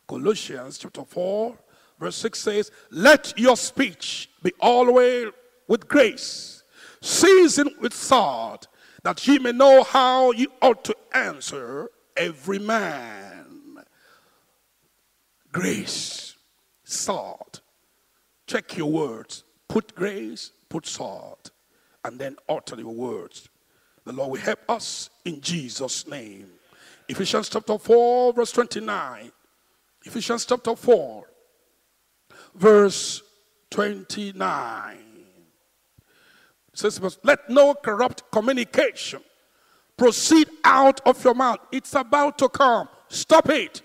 Colossians chapter 4, verse 6 says, Let your speech be always with grace, seasoned with salt, that ye may know how ye ought to answer every man. Grace salt. Check your words. Put grace, put salt, and then utter your words. The Lord will help us in Jesus' name. Ephesians chapter 4, verse 29. Ephesians chapter 4, verse 29. It says, Let no corrupt communication proceed out of your mouth. It's about to come. Stop it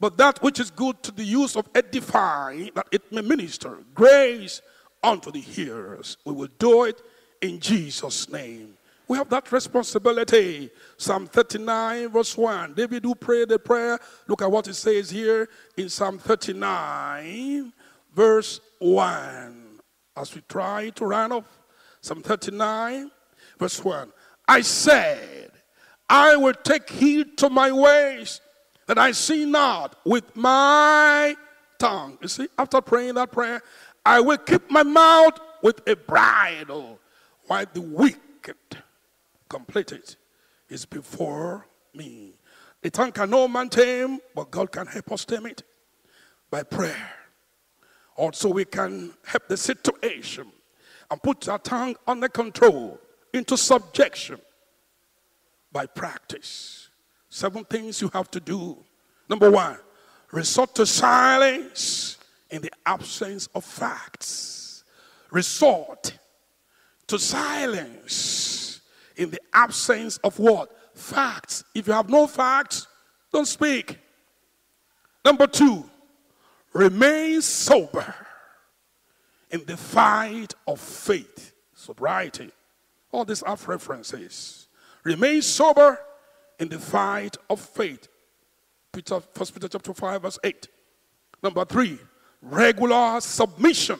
but that which is good to the use of edify, that it may minister grace unto the hearers. We will do it in Jesus' name. We have that responsibility. Psalm 39, verse 1. David who prayed the prayer. Look at what it says here in Psalm 39, verse 1. As we try to run off, Psalm 39, verse 1. I said, I will take heed to my ways that I see not with my tongue. You see, after praying that prayer, I will keep my mouth with a bridle while the wicked completed is before me. The tongue can no man tame, but God can help us tame it by prayer. Also, we can help the situation and put our tongue under control, into subjection by practice. Seven things you have to do. Number one, resort to silence in the absence of facts. Resort to silence in the absence of what? Facts. If you have no facts, don't speak. Number two, remain sober in the fight of faith, sobriety. All these are references. Remain sober in the fight of faith. Peter, First Peter chapter 5, verse 8. Number three, regular submission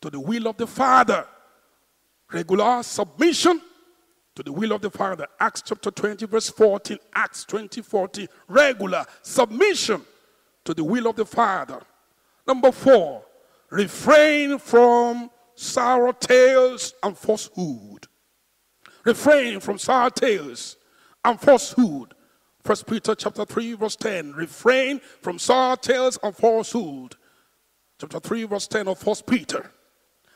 to the will of the Father. Regular submission to the will of the Father. Acts chapter 20, verse 14. Acts twenty fourteen. Regular submission to the will of the Father. Number four, refrain from sour tales and falsehood. Refrain from sour tales and falsehood. First Peter chapter 3, verse 10. Refrain from sour tales and falsehood. Chapter 3, verse 10 of First Peter.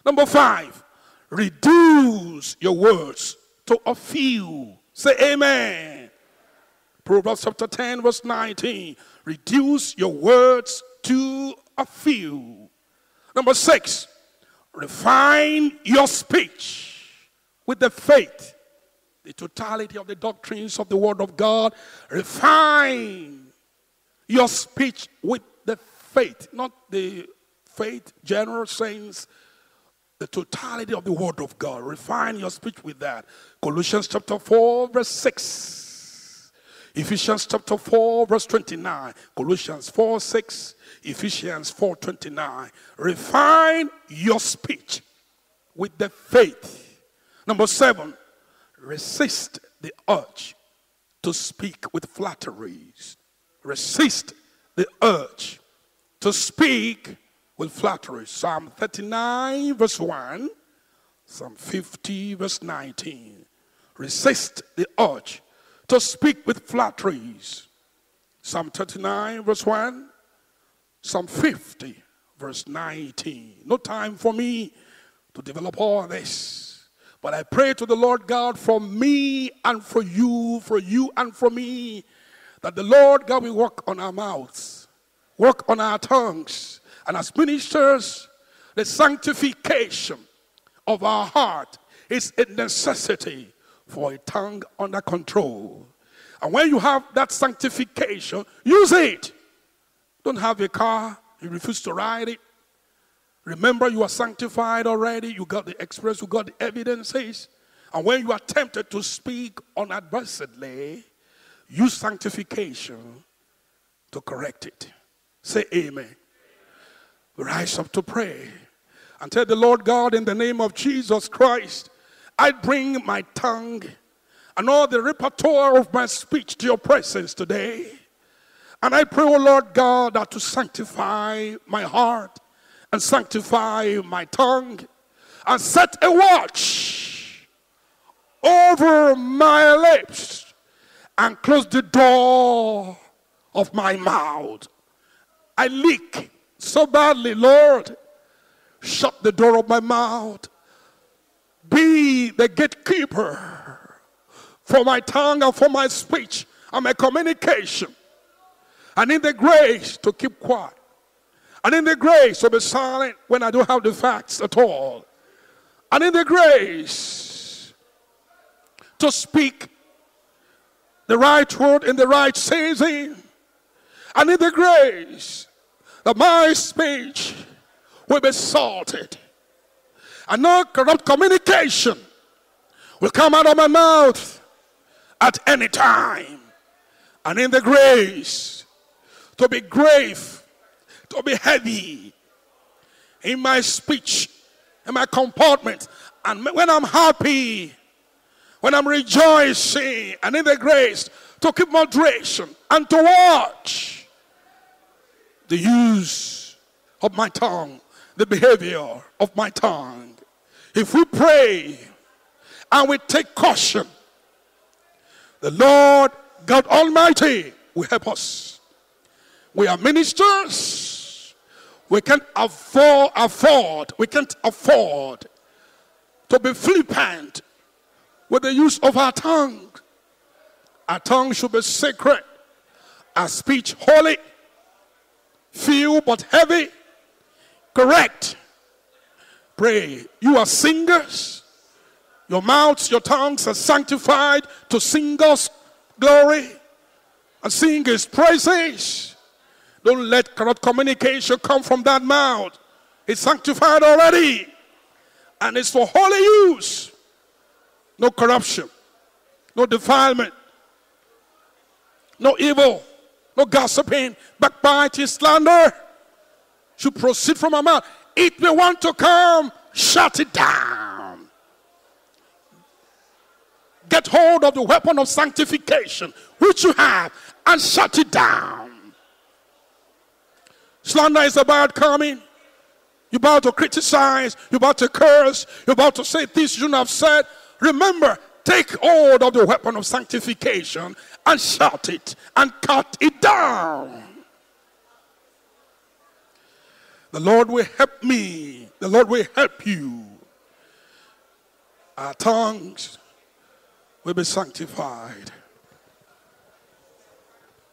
Number five, reduce your words to a few. Say amen. Proverbs chapter 10, verse 19. Reduce your words to a few. Number six, refine your speech with the faith the totality of the doctrines of the Word of God. Refine your speech with the faith, not the faith, general sense, the totality of the Word of God. Refine your speech with that. Colossians chapter 4, verse 6. Ephesians chapter 4, verse 29. Colossians 4, 6. Ephesians 4, 29. Refine your speech with the faith. Number seven, Resist the urge to speak with flatteries. Resist the urge to speak with flatteries. Psalm 39, verse 1, Psalm 50, verse 19. Resist the urge to speak with flatteries. Psalm 39, verse 1, Psalm 50, verse 19. No time for me to develop all this. But I pray to the Lord God for me and for you, for you and for me, that the Lord God will work on our mouths, work on our tongues, and as ministers, the sanctification of our heart is a necessity for a tongue under control. And when you have that sanctification, use it. Don't have a car, you refuse to ride it, Remember, you are sanctified already. You got the experience, you got the evidences. And when you are tempted to speak unadvisedly, use sanctification to correct it. Say amen. Rise up to pray and tell the Lord God in the name of Jesus Christ, I bring my tongue and all the repertoire of my speech to your presence today. And I pray, O oh Lord God, that to sanctify my heart and sanctify my tongue and set a watch over my lips and close the door of my mouth. I leak so badly, Lord. Shut the door of my mouth. Be the gatekeeper for my tongue and for my speech and my communication. I need the grace to keep quiet. And in the grace to be silent when I don't have the facts at all. And in the grace to speak the right word in the right season. And in the grace that my speech will be salted. And no corrupt communication will come out of my mouth at any time. And in the grace to be grave to be heavy in my speech, in my comportment. And when I'm happy, when I'm rejoicing, and in the grace to keep moderation and to watch the use of my tongue, the behavior of my tongue. If we pray and we take caution, the Lord God Almighty will help us. We are ministers we can't afford, afford, we can't afford to be flippant with the use of our tongue. Our tongue should be sacred, our speech holy, few but heavy, correct. Pray. You are singers. Your mouths, your tongues are sanctified to sing God's glory and sing His praises. Don't let corrupt communication come from that mouth. It's sanctified already. And it's for holy use. No corruption. No defilement. No evil. No gossiping. Backbiting. Slander. Should proceed from our mouth. It may want to come. Shut it down. Get hold of the weapon of sanctification which you have and shut it down. Slander is about coming. You're about to criticize. You're about to curse. You're about to say things you shouldn't have said. Remember, take hold of the weapon of sanctification and shout it and cut it down. The Lord will help me. The Lord will help you. Our tongues will be sanctified.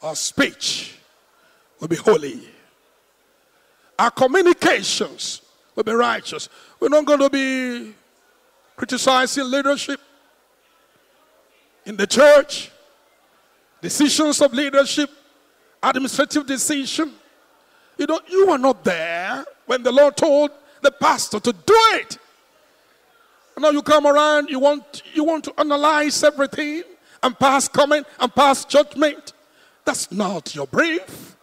Our speech will be holy. Our communications will be righteous. We're not going to be criticizing leadership in the church, decisions of leadership, administrative decision. You know, you were not there when the Lord told the pastor to do it. And now you come around, you want you want to analyze everything and pass comment and pass judgment. That's not your brief.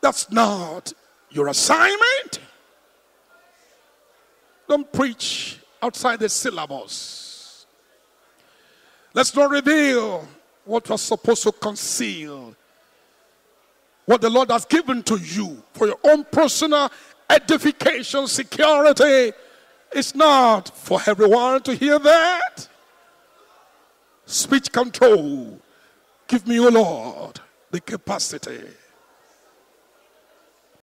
That's not your assignment. Don't preach outside the syllabus. Let's not reveal what was supposed to conceal. What the Lord has given to you for your own personal edification, security, it's not for everyone to hear that. Speech control. Give me, O oh Lord, the capacity.